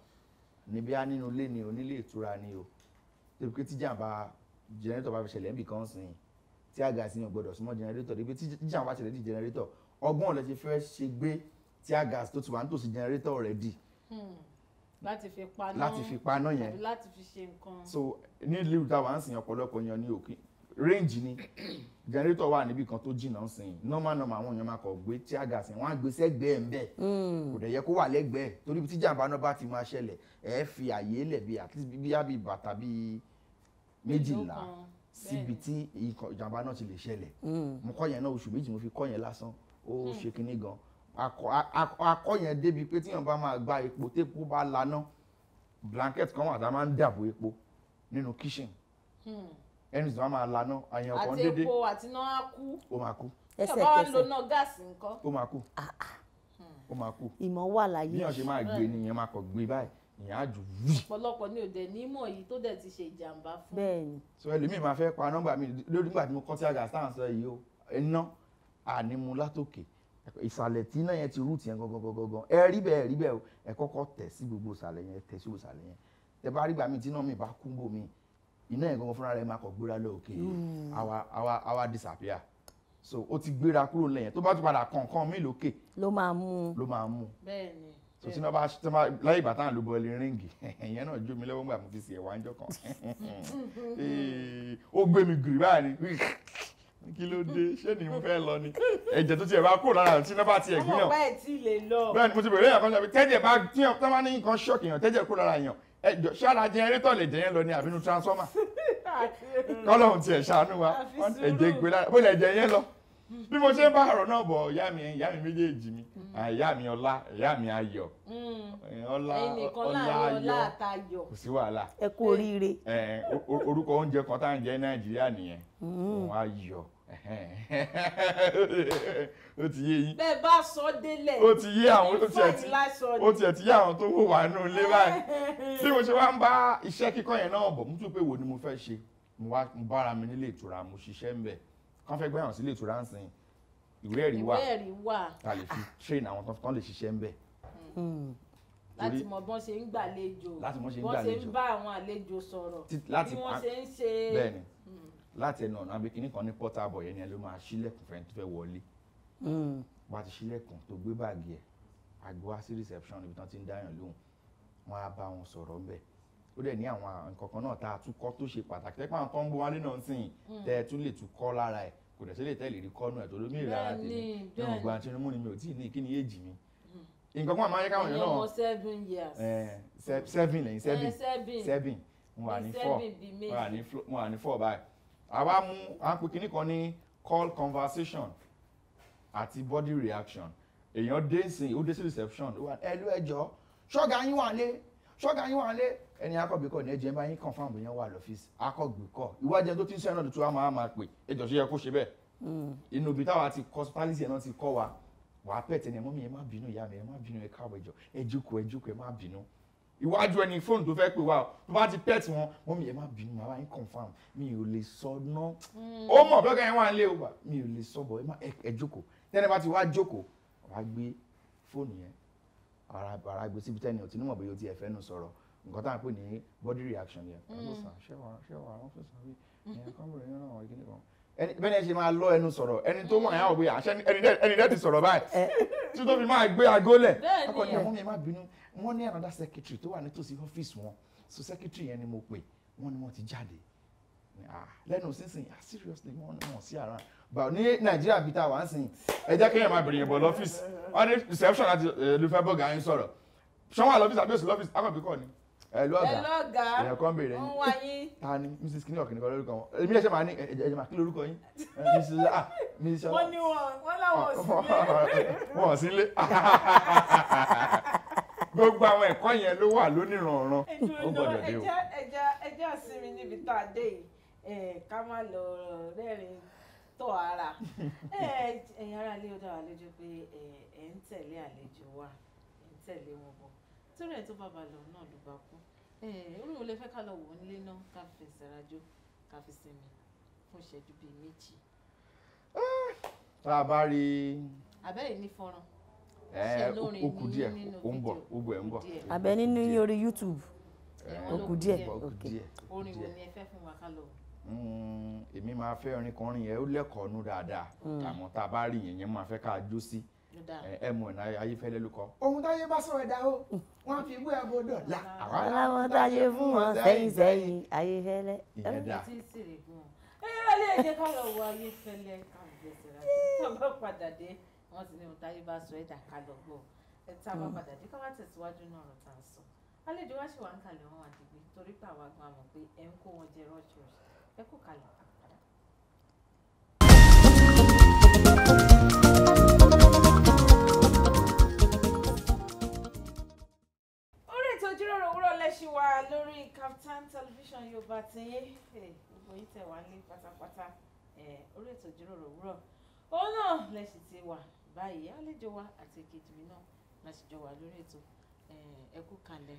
níbi á nínú ilé ni onílé ìtura ni o tẹ̀pẹ́ jàǹbá jẹnẹrétọ̀ bá fi ṣẹlẹ̀ níbì kan sìn tí àga sí ni ò gbọdọ̀ súnmọ́ jẹnẹrétọ̀ débi tí jíjàmbá ṣẹlẹ̀ di jẹnẹrétọ̀ ọgbọ́n ọ̀lẹ́ ti fẹ́ ṣe gbé tí àga tó ti wà nítòsí jẹnẹrétọ̀ rẹ̀ dì hmm. láti fi paná láti fi paná yẹn láti fi ṣe nǹkan. so nílùú táwa ń sìn ọ̀pọ̀lọpọ̀ yan ní òkè range ni generator wà níbi kan tó jìnnà ń sìn normal normal àwọn èèyàn máa kọ̀ gbé tí àga sìn wọ́n á gbé sẹ́gbẹ̀ẹ́ ń bẹ̀ hmm. kò dẹ̀ yẹ kó wà lẹ́gbẹ̀ẹ́ torí tí jàǹbá náà bá ti máa ṣẹlẹ̀ ẹ̀ fi àyè lẹ̀ bí àti bí bàtà bíi méjìlá síbi tí ìjàmbá náà ti lè ṣẹlẹ̀ hmm. mo kọ́ yẹn náà oṣù méjì mo fi kọ́ yẹn lásán ó hmm. ṣe kinní gan akọ́ yẹn débi pé tíyàn bá máa gba epo tépo bá laná blanket kan wà tá a máa ń dàbò epo nínú kitchen hmm. ẹni tí wọ́n máa laná àyàn kan dédé àti epo àti náà á kú ó máa kú ẹsẹ̀kẹsẹ̀ tí a bá ń lo gáàsì nǹkan ó máa kú ah, ah. ó máa kú ìmọ̀ wà láyé bí wọ́n ṣe máa gbé nìyẹn máa kọ̀ gbé báyìí ìyẹn àjò wí. ọ̀pọ̀lọpọ̀ ni ò dẹ̀ ní mọ̀ yìí tó dẹ̀ ti ṣe ìjàmbá fún. bẹ́ẹ̀ni. sọ ẹlòmíì máa fẹ́ pa nọ́mbà mi lórí nígbà tí mo kọ́ sí àgà sáà sọ yìí o iná ànímú látòkè ìsàlẹ̀ tí iná yẹn ti rú tiẹ̀ gangan gangan gan ẹ rí bẹ́ẹ̀ rí bẹ́ẹ̀ o ẹ kọ́kọ́ tẹ̀ sí gbogbo ìsàlẹ̀ yẹn tẹ̀ sí gbogbo ìsàlẹ̀ yẹn tẹ bá rí gbà mí tí iná mi bá kú bò mí iná yẹn gangan fúnra rẹ̀ máa kọ̀ gbéra lóòkè hmm. àwa àwa àwa disappear so ó ti gbéra kúrò lẹ́yìn tó bá tún padà kọ̀ọ̀kan mí lókè ló máa mú ló máa mú. bẹ́ẹ̀ni so tí náà bá tí náà láyé ìgbà táwọn ló bọ ilé ríǹgì ìyẹn náà jó mi lọ́wọ́ gbà mo fi sí ẹ̀wà ń jọkàn ó gbé mi gìrì báyìí ni kí ló dé ṣé ni mo fẹ́ lọ ni ẹ̀jẹ̀ tó tiẹ̀ bá kúrò lára tí náà bá tiẹ̀ gbìyàn ọmọ ọba ẹ̀ tí ì lè lọ bẹ́ẹ̀ ni mo ti bẹ̀rẹ̀ èèyàn kan sọ pé tẹ́jẹ̀ bá tíyàn tó máa ní nǹkan ṣọ́ọ̀kì yàn tẹ́jẹ̀ kúrò lára yàn ẹjọ ṣára jẹnẹrétọ̀ lè jẹyẹn lọ ní àbínú transformer kọ́lọ́hún tiẹ̀ ṣàánú wa ẹ̀jẹ̀ gbé lára bó lẹ̀ jẹyẹn lọ bí mo ṣe ń bá ọ̀rọ̀ náà bọ̀ ìyá mi ìyá mi méjèèjì mi Ah, ìyá mi ọlá ìyá mi ayọ̀ mm. eh, ọlá ọlá ayọ̀ kò sí wàhálà ẹ kú oríire eh, orúkọ oúnjẹ kan tá à ń jẹ nàìjíríà nìyẹn mm. òun ayọ̀ o, ti yé yín bẹ́ẹ̀ bá sọ délẹ̀ o, ti yé àwọn o, tiẹ̀ ti ó tiẹ̀ ti yé àwọn tó wò wá nù lé báyìí tí mo ṣe wá ń bá iṣẹ́ kíkọ́ yẹn náà bọ̀ mo tún pé wo ni mo fẹ́ ṣe mo bára mi nílé ìtura mo ṣiṣẹ́ ń bẹ̀ kán fẹ́ gbẹ̀yàn sí ilé ìtura ń sìn ìwé ẹ̀rí wà ìwé ẹ̀rí wà a lè fi train àwọn tán lè ṣiṣẹ́ ń bẹ̀. Hmm. láti mọ bọ́n ṣe ń gbàlejò láti mọ ṣe ń gbàlejò bọ́n ṣe ń bá àwọn àlejò sọ̀rọ̀ bí wọ́n ṣe ń ṣe. bẹ́ẹ̀ni hmm. láti ẹnu ọ̀nà àbí kìnnìkan ní pọ́tà bọ̀ yẹn ni ẹ ló máa ṣílẹ̀kùn fẹ́ni tó fẹ́ wọlé hmm. wọ́n ti ṣílẹ̀kùn tó gbé báàgì ẹ̀ àgbo wá sí reception níbi tán ti ń dáyàn lóhùn wọ́n á bá wọn sọ̀rọ̀ ńbẹ̀ ó dẹ̀ ní àwọn nǹkan kan náà tá a tún kọ́ tó ṣe pàtàkì tẹ́pẹ́ àwọn kan ń bọ́ wálé náà ń sìn tẹ́ ẹ tún lè tún kọ́ lára ẹ̀ kò dẹ̀ sílẹ̀ tẹ́lẹ̀ rí kọ́nù ẹ̀ tó lómi ìrà ara tèmi nínú ìgbà Tinubu ni mi ò tí ì ní kí ni èjì mi nǹkan kan máa yẹ káwọn èèyàn náà seven years seven seven seven mo wà ní four mo wà ní four báyìí àwa mú àpò kínní kan ní call conversation àti body reaction èèyàn dé sí ó dé sí reception ó wà ẹlú ẹjọ́ ṣọ́gà yín wà lé ṣọ́gà yín wà lé ẹni akọ̀gbé kọ̀ ní ẹ̀jẹ̀ bá yín confam bóyá wà lọ́fíìsì akọ̀gbé kọ̀ ìwádìí tó ti ń sẹ́yìn náà tó wá máa máa pè ẹjọ́ ṣe yẹ kó ṣe bẹ́ẹ̀ hmm. inú ibi táwa ti kọ́ pálísì ẹ̀ náà ti kọ́ wa wàá pẹ̀tẹ̀ ni mọ́mí ẹ má bínú ìyá mi ẹ má bínú ẹ káwọ̀ ẹjọ́ ẹ jókòó ẹ jókòó ẹ má bínú ìwájú ẹni fóònù tó fẹ́ pè wá tó bá ti pẹ́ẹ̀tì wọn mọ́mí ẹ má bínú màmá yín confam mi ò lè sọ ná hmm. ó mọ̀ bẹ́ẹ̀ kẹ́yìn wà ń lé o bà mi ò lè sọ bọ̀ ẹ jókòó tẹ́lẹ̀ bá ti wá jókòó wàá gbé fóònù yẹn ara ara gbé síbi tẹ́ni ò tí ní mọ̀ bóyá o ti ẹ̀fẹ́ nù sọ̀rọ̀ nǹkan tá à ń pè ní body reaction yẹn. Mm. ṣé wàá ṣé wàá wọ́n fẹsẹ̀ rí mm. ẹ̀yìn kọ́mọ̀rẹ́ yẹn náà wọ́n kí ni kan ẹni bẹ́ẹ̀ ṣe máa lọ ẹnu sọ̀rọ̀ ẹni tó mọ̀ ẹ̀yà òwe àṣẹ ẹni dẹ́ẹ̀ ti sọ̀rọ̀ báyìí tí tó fi máa gbé agólẹ̀ akọni àwọn mi má bínú wọ́n ní another secretary tó wà nítòsí ọ́fíìsì wọn so secretary yẹn ni mo pè wọ́n ní wọ́n ti jáde Ah, lẹ́nu sínsìn ah seriously wọ́n náà sí ara báwo ní nàìjíríà bíi tá a wà ń sìn ẹ jẹ́ kéèyàn máa bèrè yẹn bọ̀ lọ́fíìsì wọ́n ní reception àti lufẹ́ bọ́ọ̀gà yín sọ̀rọ̀ ṣọ́wọ́n àlọ́fíìsì àbí òsì lọ́fíìsì akọ̀bí kọ̀ ni ẹ̀lú ọ̀gá ẹ̀yàn kan bèrè yín ta ni mrs kini ọ̀kìnrin kan lórúkọ wọn èmi ẹ̀ṣẹ̀ máa ní ẹ̀jẹ̀ máa kí lórúkọ yín mrs eh, ah mrs ṣọlá wọ́n ní wọn láwọn ò sí ilé gbogbo àwọn ẹ̀kọ́ yẹn ló wà lónìrànràn ó gbọ́dọ̀ dé o. ẹja ẹja ẹja sinmi níbi tá a dé yìí ká má lọ rẹ́rìn tọ́ ara ẹ̀yin ará ilé ó dá wa lójú pé ẹ̀ ń tẹ̀lé àlejò wa ẹ̀ ń tẹ̀lé wọn bọ̀ torí ẹ̀ tó bá ba lọ náà ló bá kú olóòwò lè fẹ́ ká lọ wò ó nílé náà ká fi ṣàràjò ká fi sinmi fún ìṣẹ́jú bíi méjì. Ah, tá a bá rí. àbẹ́rẹ́ ní fọ́nrán ó kù díẹ̀ ó ń bọ̀ ó bọ̀ ẹ̀ ń bọ̀. àbẹ́ orí YouTube ó kù díẹ̀. orin wo ni ẹ fẹ́ fún wa ká lọ wò èmi máa fẹ́ orin kan rìn yẹn ó lẹ́kọ̀ọ́ nú dáadáa hmm. àmọ́ tá a bá rí yẹn máa fẹ́ ká a jó sí ẹ mọ̀ náà ayéfẹ́lẹ́ ló kọ. ohun táyé bá sọ ẹ̀dá o wọ́n fi bú ẹ̀bùn dọ̀la. àwọn aláwọ̀ táyé fún wọn sẹ́yìn sẹ́yìn ayéfẹ́lẹ́. ìyẹn dà ilé ẹjẹ ká lọ wọ ayé fẹlẹ káàbẹsẹ padà dé wọn sì ní òtáyé bá sọ ẹdà ká lọ gbọ ẹ tá a bá padà dé hmm. ká wá tẹsíwájú náà ọ̀rọ̀ tá a sọ wá ṣì wà ń kalẹ̀ wọn àdìgbì torí pé àwa gan mọ̀ pé ẹ ń kó wọn jẹ rọṣirọṣi ẹ kú kalẹ̀ àpàdà. orí ètò ìjíròrò òwúrọ̀ lẹ́sìn wa lórí Kaftan television yorùbá ti eh, yín gbogbo yìí tẹ̀ wá ní pátápátá eh, orí ètò ìjíròrò òwúrọ̀ òun náà lẹ́sìn ti wà báyìí àlejò wa àti èkejì mi náà láti jọ wà lórí ètò ẹ kú kalẹ̀.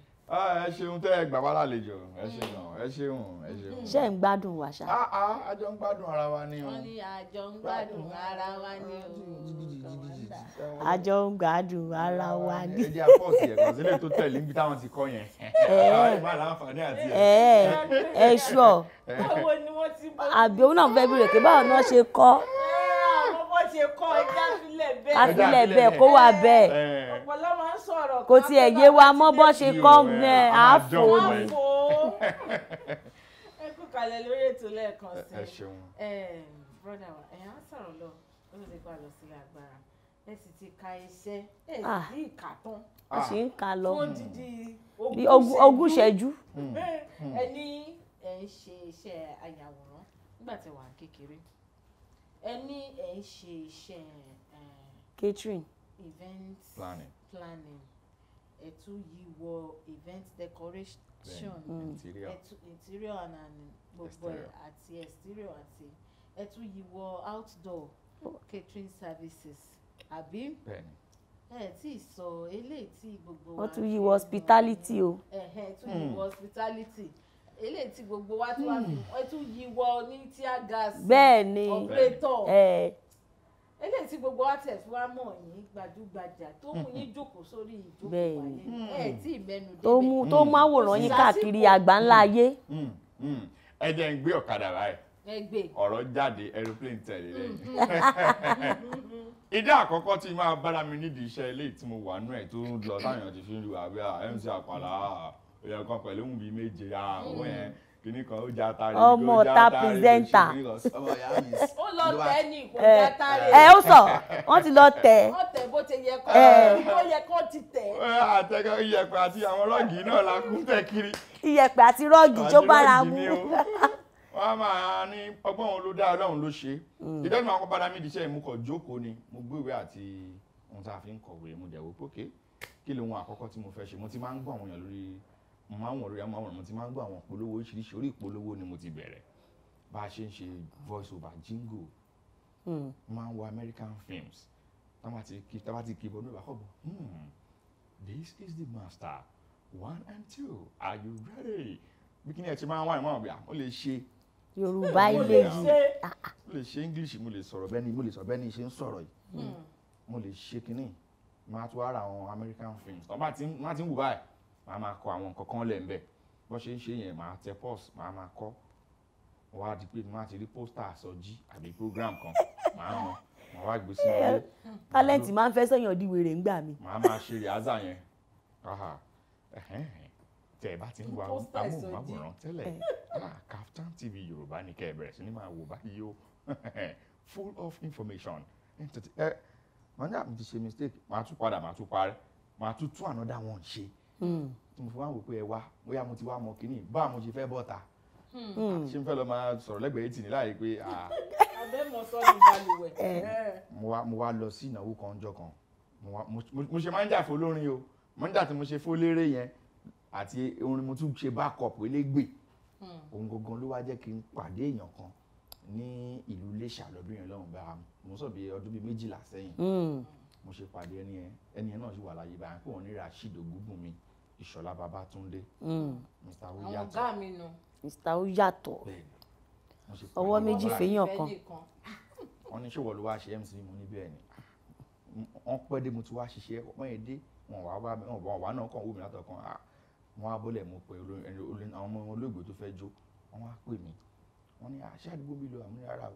ẹ ṣeun tẹ́ ẹ gbà wá lálejò ẹ ṣeun ẹ ṣeun ẹ ṣeun. ṣé ẹ ń gbádùn wa ṣá. a a a jọ ń gbádùn ara wa ni o. wọ́n ní a jọ ń gbádùn ara wa ni o. a jọ ń gbádùn ara wa ni. ẹ jẹ́ àpọ̀sì ẹ̀kọ́ sílẹ̀ tó tẹ̀lé níbi táwọn ti kọ́ yẹn. Eh. ẹ ẹ ṣọ eh, eh, àbí òun náà fẹ́ bí rẹ̀ pé báwo ni ṣe kọ́ ṣe kọ́ ẹja filẹ̀ bẹ́ẹ̀. àfilẹ̀ bẹ́ẹ̀ kó wà bẹ́ẹ̀. ọ̀pọ̀lọ́ máa ń sọ̀rọ̀ kò tiẹ̀ yé wa mọ́ bọ́n ṣe kọ́ ẹ̀ àáfò ni. ẹ kú kalẹ̀ lórí ètò lẹ́ẹ̀kan sí i. ẹ ṣeun. ẹ brọ́dà wa ẹ̀yàn á sọ̀rọ̀ lọ ó ló ti lọ sílẹ̀ agbára ẹ sì ti ka iṣẹ́ ẹ sì ah. kà tán. a sì ń ka lọ ogún ìṣẹ́jú. ẹ hmm. Hmm. ní ẹ ń ṣe iṣẹ́ ayàwòrán nígbà tí wàá kékeré ẹ ní ẹ ń ṣe iṣẹ́ catering event planning planning ẹ tún yí wọ event decoration mm. interior interior and gbogbo ẹ àti exterior àti ẹ tún yí wọ outdoor oh. catering services àbí ẹ tí ì sọ eléyìí tí gbogbo wa. wọ́n tún yí hmm. wọ hospitality o. ẹ tún yí wọ hospitality ele tí gbogbo wa tí wàá fi ẹ hmm. tún yíwọ ní tear gas operator eléyìí tí gbogbo wa tẹ̀ fún wa mọ̀ yín gbajúgbajà tó mú yín jókòó sórí ìjókòó ayé hmm. ẹ̀ tí ì mẹ́nu débẹ̀ tó mú àwòrán yín káàkiri àgbáńlá ayé. Hmm. ẹ jẹ́ ń gbé ọ̀kadà báyìí ọ̀rọ̀ jáde aeroplane tẹ̀lé lẹ́yìn ìdá àkọ́kọ́ tí máa bára mi nídìí iṣẹ́ eléyìí tí mo wà nú ẹ̀ tó ń lọ táwọn èèyàn ti fi ń lu àbí MC Àpàlà ìyá kan pẹ̀lú òun bíi méje àwọn yẹn hmm. kìnnì kan ó já tari ọmọ ọ̀tá pírẹsẹ́ńtà ó lọ tẹ ní kò eh, já tari eh, ẹ ó sọ wọ́n ti lọ tẹ wọ́n tẹ bó ti yẹ kó eh. ó yẹ kó ti tẹ. àtẹkọ iyẹ̀pẹ̀ àti àwọn rọ́ọ̀gì náà la kún tẹ kiri. iyẹ̀pẹ̀ àti rọ́ọ̀gì tó bára mu. wọ́n á máa ní ọgbọ́n òun ló dá ọlọ́run ló ṣe ìdọ́jú máa kọ́ mi di ìmúkọ̀ jókòó ni mo gbé ìwé àti ohun tá a fi ń kọ̀wé mo dẹ̀ wò pókè kí lóhun àkọ́kọ́ tí mo fẹ́ ṣe mo ti máa ń gbọ́ àwọn èèyàn lórí mo máa ń wọ̀n lórí amóhùnmáwòrán mo ti máa ń gbọ́ àwọn ìpolówó oríṣiríṣi orí ìpolówó ni mo ti bẹ̀rẹ̀ bá a ṣe ń ṣe voice over jingle hmm. mo máa ń wo American films tábà ti kí bọ́ọ̀nù ìbákọ̀bọ̀ hmm, this is the master one and two are you ready bí kí ni ẹ ti máa ń wá ìmọ̀ ọ̀gbìn à ah, mo lè ṣe yorùbá ilé yìí ah, ah. mo lè ṣe english mo lè sọ̀rọ̀ bẹ́ni mo lè sọ̀rọ̀ bẹ́ni ṣe ń sọ̀rọ̀ yìí hmm. mo lè ṣe kínní máa tún ara àwọn american films tó bá ti ń wù báyìí màá máa kọ àwọn nǹkan kan lẹ̀ ń bẹ̀ bó ṣe ń ṣe yẹn màá tẹ pause màá máa kọ́ wọ́n di pé màá ti rí pósítà àsọjí àbí program kan màá mọ màá wá gbé sí ilé. tálẹ́ǹtì máa ń fẹ́ sẹ́yìn di wèrè ńgbà mi. màá máa ṣe rìhásà yẹn tẹ ẹ bá ti ń wo amóhùnmáwòrán tẹ́lẹ̀ ah, Kaftan TV Yorùbá ni kẹ́ ẹ bẹ̀rẹ̀ sí ni máa wò báyìí o full of information ẹ màá ní àmì ti ṣe mistake màá tún padà màá tún parẹ́ màá tún tún another one ṣe. Hmm. mo fi wá wò pé ẹ wá bóyá mo ti wá mọ kínní bá mo ṣe fẹ́ bọ́ ta hmm. hmm. ṣé n fẹ́ lọ máa sọ̀rọ̀ lẹ́gbẹ̀ẹ́ tì ní láàyè eh. eh. pé mo wá lọ sí ìnáwó kan ọjọ́ kan mo ṣe máa ń jà fún olórin o mo ń jà tí mo ṣe fún eléré yẹn àti orin mo tún ṣe bákọ̀pù elégbè ohun gangan ló wá jẹ́ kí n pàdé èèyàn kan ní ìlú Iléṣà lọ́dún yẹn lọ́hùn bá mo sọ bí ọdún bíi méjìlá sẹ́yìn mo ṣe pàdé ẹni yẹn ẹni yẹn náà ṣì wà láyé báyìí pé wọ́n ní Rasheed Ògúnbùnmi ìṣọ̀lá babátúndé hmm. mr ó yàtọ̀ mr ó yàtọ̀ méjì fèèyàn kan wọ́n ní ṣòwò ló wá ṣe mc mo níbẹ̀ ni wọ́n pẹ́ dé mo ti wá ṣiṣẹ́ wọ́n yẹn dé wọn wá wá wọn wá náà kàn wú mi látọ̀ kan ah, wọn á bọ́lẹ̀ mo pé olórin àwọn ọmọ olóògbé tó fẹ́ jó wọn á pè mí wọ́n ní àṣà ah, àdúgbò mi lọ àmúlẹ̀ ara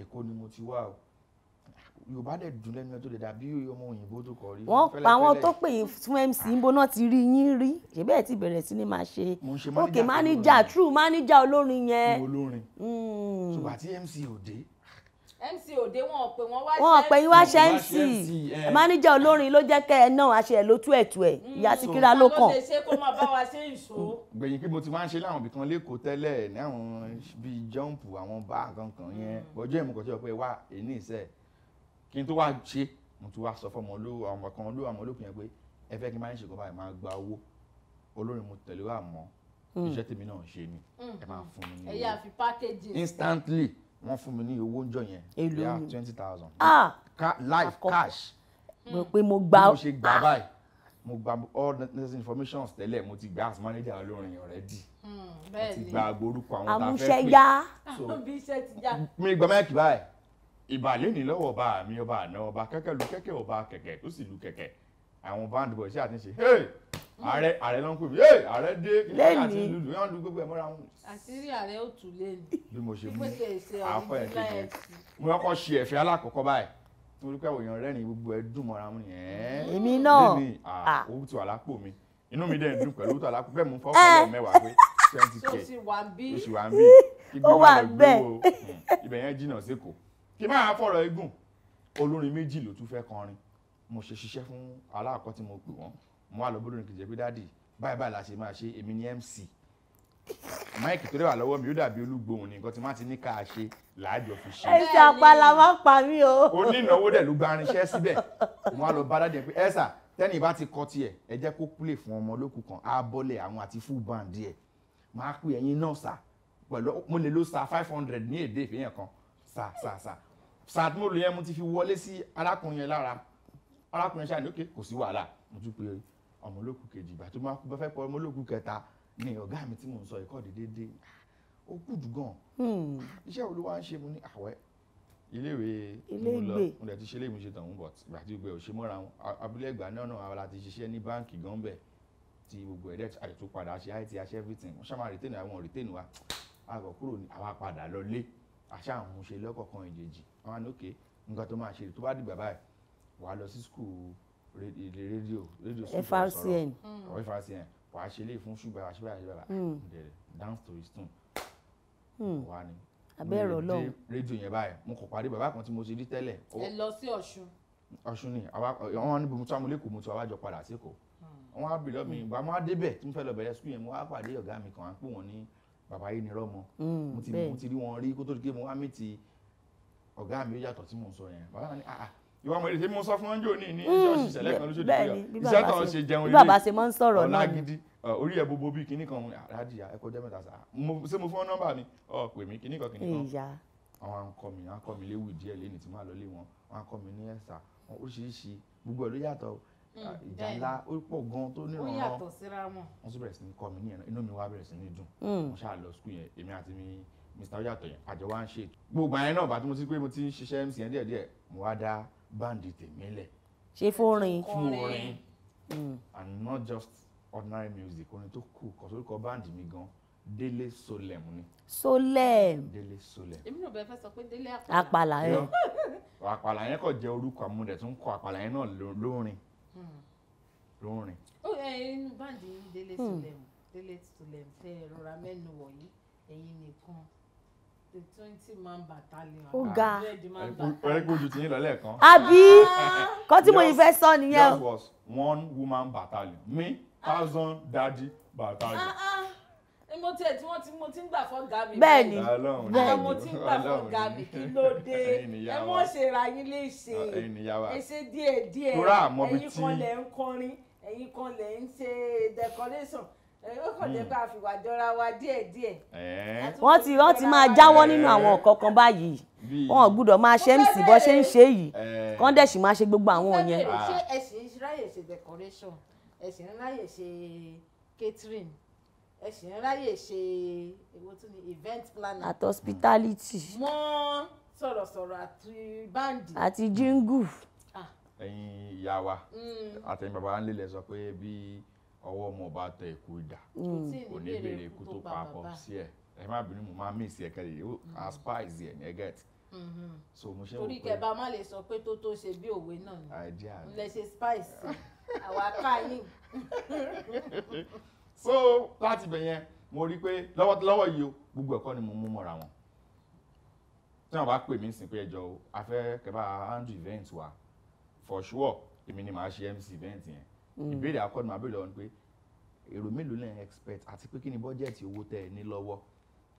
èkó ni mo ti wá o yorùbá dẹ̀ dùn lẹ́nu ẹjọ́ dẹ̀dà bí ọmọ òyìnbó tó kọ rí. wọ́n pa àwọn tó pè fún mc ń bọ́nà ti rí yín rí ṣebí ẹ̀ ti bẹ̀rẹ̀ sí ni máa ṣe òkè máníjà true máníjà olórin yẹn. olórin ṣùgbọ́n hmm. àti mc òde. mc òde wọn ò pè wọn wá ṣe mc. wọn ò pè yín wá ṣe mc máníjà olórin ló jẹ́ kẹ́ ẹ náà àṣẹ ẹ̀ ló tú ẹ̀tù ẹ̀ hmm, ìyá ti kíra ló kàn. gbẹ̀yìn pé mo ti máa ń ṣe láwọn ibì kan lẹ́kọ̀ọ́ tẹ́lẹ̀ kí n tó wá ṣe mo tún wá sọ fún ọmọ olówó àwọn kan olówó àwọn olókùn yẹn pé ẹ fẹ́ kí n máa ń ṣe ìkọ́fà ẹ̀ máa gba owó olórin mo tẹ̀lé wà mọ́ hmm. iṣẹ́ tèmi náà ṣe ni hmm. ẹ máa fún mi ní owó ẹ̀yà fi package instantly wọ́n fún mi ní owó oúnjẹ yẹn ìyá twenty thousand ah! Life cash mo pe mo gba mo ṣe gbà ah! báyìí mo gba all necessary information tẹ́lẹ̀ mo ti gba as manager olórin already hmm, mo ti gba agbo orúkọ àwọn tá a fẹ́ pè so mi gba mẹ́ẹ̀kì báyìí ìbàlẹ́ ní lọ́wọ́ ọba mi ọba àná ọba kẹ́kẹ́ lu kẹ́kẹ́ ọba kẹ̀kẹ́ ó sì lu kẹ̀kẹ́ àwọn band boy ṣé àti ṣe ààrẹ ààrẹ ló ń pè mí ààrẹ dé àti lulu yóò lu gbogbo ẹ mọ́ra wọn. àṣírí ààrẹ ó tù lẹ́nu. bí mo ṣe mú àkọ́ ẹ̀ kéde mo kọ́kọ́ ṣe ẹ̀fẹ́ alákọ̀ọ́kọ́ báyìí mo rí pé òyìn rẹ́rìn gbogbo ẹ dùn mọ́ra wọn yẹn. èmi náà lèmi eh. hmm. ibẹ̀ yẹn jìnnà sí kò kí máa fọ̀rọ̀ igun olórin méjì ló tún fẹ́ kọrin mo ṣe ṣiṣẹ́ fún aláàkọ́ tí mo pè wọ́n mo wà lọ́bọ̀ lórin kìjẹ́ pé dáàdì báyìí báyìí la ṣe máa ṣe èmi ni MC máìkì tó wà lọ́wọ́ mi yóò dàbí olúgbòhùn ní nǹkan tí máa ti ní ká ṣe làájọ fi ṣe. ẹsẹ̀ àpàlà máa pa mí o. ó ní ìnáwó dẹ̀ ló gba irinṣẹ́ síbẹ̀ mo á lọ bá dáàdì pé ẹ̀sà tẹ́nì bá ti kọ tiẹ̀ ẹ jẹ́ kó play fún ọmọ olókù kan abọ́lẹ̀ àwọn àti full band ẹ̀ máa pè ẹ̀yin náà sà pẹ̀lú mo lè lo sà five hundred ní èdè ìfihàn kan sà sà sà sàtmọ́lù yẹn mo ti fi wọlé sí arákùnrin yẹn lára arákùnrin ṣáà ní òkè kò sí wàhálà mo tún pe ọmọ olókùn kejì ìgbà tó máa kú bá fẹ́ pọ̀ ọmọ olókùn kẹta ni ọ̀gá mi tí mò ń sọ ẹ̀kọ́ dédé dé ó kù jù gan hmm. iṣẹ́ wo ló wá ń ṣe mo ní àwẹ́ iléèwé mo lọ ti ṣe léèmí ṣe tàn ń bọ̀ ìgbà tí gbogbo ẹ̀ ò ṣe mọ́ra wọn abúlé ẹ̀gbá náà náà ara ti ṣiṣẹ́ ní báǹkì gan bẹ̀ ti gbogbo ẹ̀dẹ́ àyètò padà ṣe it aṣẹ́ everything wọ́n ṣàmà retain àwọn retain wa àgọ̀ kúrò ní àwa padà lọ lé àṣà àwọn òun ṣe lọ́kọ̀ọ̀kan ìjèjì wọn á ní òkè nǹkan tó máa ṣe tó bá dìgbà báyìí wà á lọ sí skul ilé rédíò rédíò skul sọ̀rọ̀ FRCN FRCN wà á ṣe ilé fún ṣùgbọ́n àṣìbà àṣìbà dance to his tune hmm. wà á ní abẹ́rẹ́ ọlọ́run rédíò yẹn báyìí mo kò parí bàbá kan tí mo ti rí tẹ́lẹ̀. ẹ lọ sí Ọ̀ṣun. Ọ̀ṣun ni àwọn níbi mo tún àwọn olókùn mo tún àwájọ padà sí Èkó hmm. wọn á bìrì lọ́mìn ìgbà wọn á débẹ̀ tí mo fẹ́ lọ bẹ̀rẹ̀ skul yẹn mo á pàdé ọ̀gá mi kan à ń pè wọ́n ní bàbá yìí nírọ́ mọ́ mm, mo ti mo ti rí wọn rí kó tó di pé mo hámì ti ọ̀gá mi ó yàtọ̀ tí mò ń sọ yẹn bàbá náà ni àà ìwà ọmọ èdè mo sọ fún ọjọ́ òní ní mm, ìjọ òṣìṣẹ́ lẹ́kan lóṣù tó yọ iṣẹ́ tó ń ṣe jẹun ilé bàbá ṣe máa ń sọ̀rọ̀ náà ọ̀làgídí orí ẹ̀ bobo bíi kinní kan àràdìyà ẹ̀kọ́ jẹ́ mẹ́ta sá ṣé mo fún nọ́mbà mi ọ̀ pè mí kinní kan kinní kan àwọn akọ mi akọ mi léwu díẹ̀ lẹ́ni tí máa lọ lé wọn àwọn akọ mi ní ẹ̀sà oríṣiríṣi gbogbo ẹ̀ ló yàtọ̀ Mm, ah, ìjà ńlá ó pọ̀ gan tó ní ìrànlọ́ wọn. wọ́n sì bẹ̀rẹ̀ sí ní kọ́ mi ní ẹ̀rọ inú mi wá bẹ̀rẹ̀ sí ní dùn mm. mo ṣáà lọ skul yẹn èmi àti mi mr oyàtọ̀ yẹn àjọ wa ń ṣe gbogbo àyẹn náà bàtí mo ti pé mo ti ń ṣiṣẹ́ mc yẹn díẹ̀díẹ̀ mo wá dá báǹdì tèmi lẹ̀. ṣe fórin fórin and not just ordinary music orin tó kù kọ sórúkọ báǹdì mi gan délé solem ni. solem. délé solem. èmi náà bẹ fẹ́ sọ pé délé àpàlà. àpàlà yẹn. àpàlà yẹn kò jẹ́ orúkọ àmúdẹ̀ tó ń kọ àpàlà yẹn náà lórin. Hmm. ló ń rìn. ó ẹ inú báǹdì yìí délé tulẹ̀ hmm. délé tulẹ̀ fẹ́ rọra mẹ́nu wọ̀nyí ẹ̀yin nìkan ó ga àbí kan tí mo yìí fẹ́ sọ nìyẹn. that was one woman battalion me thousand daddy battalion. Ah, ah mo ti ẹ̀ tí wọ́n ti mo ti ń gbà fọ́ ga mi. bẹ́ẹ̀ni bẹ́ẹ̀ni mo ti ń gbà fọ́ ga mi kí ló dé ẹ mọ̀ ṣe ra yín léṣe èṣe ah, díẹ̀ díẹ̀ ẹ̀yin kan lẹ̀ ń kọrin ẹ̀yin kan lẹ̀ ń ṣe decoration ó kàn lè bá a fìwà jọra wa díẹ̀ díẹ̀. wọ́n ti wọ́n ti máa jáwọ́ nínú àwọn kọ̀ọ̀kan báyìí wọn ò gbúdọ̀ máa ṣe mc bọ́ ṣe ń ṣe yìí kán dẹ̀ sì máa ṣe gbogbo àwọn yẹn. ṣé ah. ẹ ráyè ṣe decoration ẹ sì ráyè ṣe catering ẹ sì ń ráyè ṣe èwo tún ni event planner. àti hospitality. mọ́ sọ̀rọ̀sọ̀rọ̀ àti báǹdì. àti jíngù. Ah. ẹ̀yin ìyá wa hmm. àtẹ̀yìn bàbá ńlẹ̀ lẹ sọ pé bí ọwọ́ ọmọ bá tẹ ikú ìdà kò ní bèrè ikú tó pa pọ̀ sí ẹ̀ ẹ má bínú mo máa miss ẹ kẹlẹ yìí as hmm. spice ẹ ní ẹ get. Hmm. so mo ṣe wò pé torí kẹba má lè sọ pé tó tó ṣe bí òwe náà ni n lè ṣe spice àwa ká yín. so láti ibẹ̀ yẹn mo rí pé lọ́wọ́lọ́wọ́ yìí o gbogbo ẹ̀kọ́ ni mo mú mọ́ra wọn tí wọn bá pè mí sìn pé ẹjọ́ o a fẹ́ kẹfà handle event wa for sure èmi ni màá ṣe mc event yẹn mm. ìbéèrè akọni màá béèrè ọ̀hún pé èrò mélòó lẹ́yìn expect àti pé kí ni bọ́jẹ̀tì owó tẹ́ ẹ ní lọ́wọ́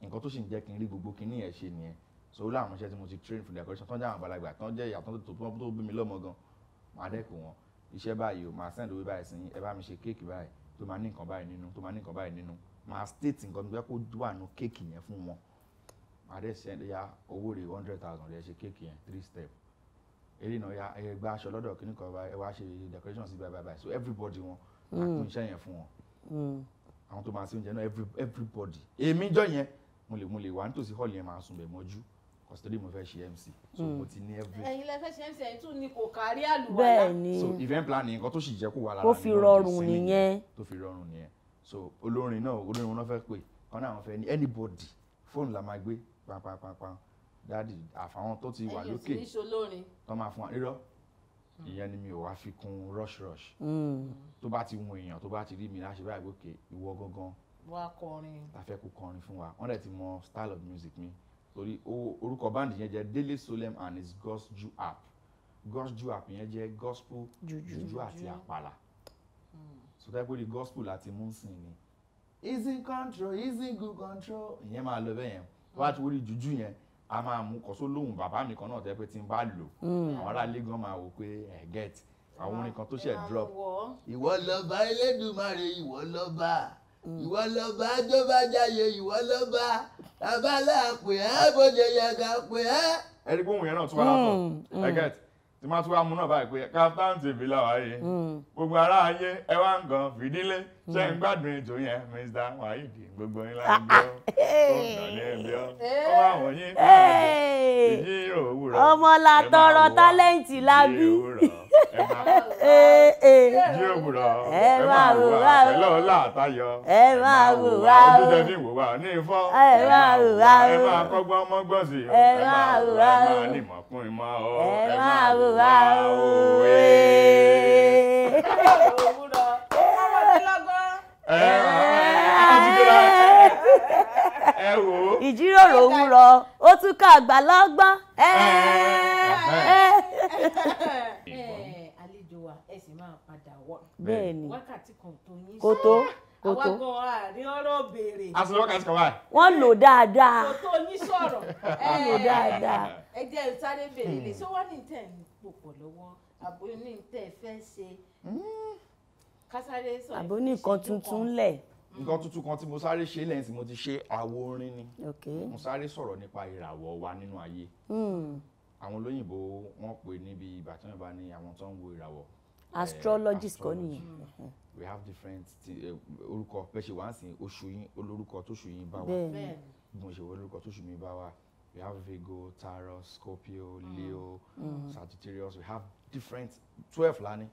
nǹkan tó sì ń jẹ́ kí n rí gbogbo kí ni ẹ̀ ṣe nìyẹn so ó láwọn iṣẹ́ tí mo ti train for decoration tán jẹ́ àwọn àgbàlagbà tán jẹ́ ìyá tán tó tó bí mi lọ́mọ gan màá dẹ́kun wọn iṣẹ́ báyìí o màá send owó báyìí sí ẹ bá mi ṣe kéèkì báyìí tó máa ní nǹkan báyìí nínú tó máa ní nǹkan báyìí nínú máa state nǹkan bí wọ́n kó wà nù kéèkì yẹn fún wọn àdẹ́sẹ̀ ya owó rẹ̀ hundred thousand rẹ̀ ṣe kéèkì yẹn three step eré náà ya ẹ gba aṣọ lọ́dọ̀ kíní kan ẹ wá ṣe decoration sí báyìí báyìí so everybody wọn àtún hmm. iṣẹ́ yẹn fún wọn hmm. àwọn tó máa ṣe oúnjẹ náà everybody èmi jọ yẹn mo lè mo lè wà nítòsí hall yẹn máa sùn bẹ̀ mọ́jú cause today mo fẹ́ ṣe mc so hmm. mo ti ní every. ẹ̀yin lẹ fẹ́ ṣe mc ẹ̀yin tún ni kò kárí àlùwàlà. bẹ́ẹ̀ ni so event planning nǹkan tó sì jẹ́ kó wà lára. tó fi rọrùn nìyẹn. tó fi rọrùn nìyẹn so olórin náà olórin wọn fẹ́ pè kan náà wọn fẹ́ ní anybody fóònù la máa gbé pàápàá dáàdì àfàwọn tó ti wà lókè tó máa fún wa rírọ hmm. ìyẹn ni mi ò wá fi kún rush rush hmm. tó bá ti wun èèyàn tó bá ti rí mi láṣẹ báyìí gòkè ìwọ gangan wá kọrin la fẹ́ kó kọrin fún wa wọ́n dẹ̀ ti mọ style of music mi torí orúkọ báńdì yẹn jẹ́ Dele Solem and his gospel app gospel app yẹn jẹ́ gospel juju àti àpàlà hmm. so tẹ́ pé di gospel àti múnsìn ni easy control easy good control ìyẹn máa lọ bẹ́ẹ̀ yẹn wá ti wọlé juju yẹn a máa mú kọ́só lóhùn bàbá mi kan náà tẹ́ pé tí n bá lò hmm. àwọn aráalé gan máa wò pé ẹ̀ eh, get àwọn orin kan tó ṣe drop ìwọ lọ́ba Elédùmarè ìwọ lọ́ba. Mm. ìwọ lọba jọba jayé ìwọ lọba abala pè é bójú yẹ ká pè é. ẹni pé òun yẹn náà tún wà látọ̀ mm, i mm. get tí máa tún wá mú náà báyìí pé Kaftan TV láwáyé gbogbo ará ayé ẹ wá ń gan fìdílé ṣe ń gbádùn ètò yẹn Mr Waheed gbogbo yín láńgbó ọ̀nà ẹ̀bí ọ́ ó wà wọ́n yín èyí òwúrọ̀ ọmọ la tọrọ tálẹ́ǹtì la bí jí òwúrọ̀ ẹ máa wò wá pẹ̀lú ọ̀la àtayọ ẹ máa wò wá o ojúṣe ní ìwò wa ní ifọ́ ẹ máa wò wá o ẹ máa kọ́gbọ́n mọ́gbọ́n sí i ẹ máa wò wá o ẹ máa nímọ̀ O E. ìmọ̀ ọ́ ẹ máa E. wá òwe. ìjíròrò òwúrọ̀ ó tún ká àgbà lọ́gbọ́n. àlejò wa ẹ sì máa padà wọ bẹ́ẹ̀ ni wákàtí kan tó yín sí. kó tó àwa gan àrí ọ̀rọ̀ béèrè. aṣọ kàṣí kàwá. wọ́n lò dáadáa. kò lo yín sọ̀rọ̀. wọ́n lò eh, dáadáa. ẹ jẹ́ ìsáré béèrè lè sọ wọ́n ní tẹ̀ ń pòpọ̀ lọ́wọ́ àbò ní tẹ̀ fẹ́ ṣe. Hmm. kásáré sọ àbò ní nǹkan tuntun lẹ̀. nǹkan tuntun kan tí mo sáré ṣe lẹ́yìn tí mo ti ṣe àwo ni mo sáré sọ̀rọ̀ nípa ìràwọ̀ wa nínú ayé hmm. àwọn olóyìnbó wọ́n pè níbi ìbàtàn ìbá ní àwọn tó ń wo ìràwọ̀ Eh, astrologist kọ́ nìyẹn. we have different eh, orúkọ bẹ́ẹ̀ ṣe wá sí oṣù yín olórúkọ tóṣù yín bá wà bùn ṣe wọ́n olórúkọ tóṣù mi bá wà we have Virgo Taurus Scorpio mm. Leo mm. Sagittarius we have different twelve lani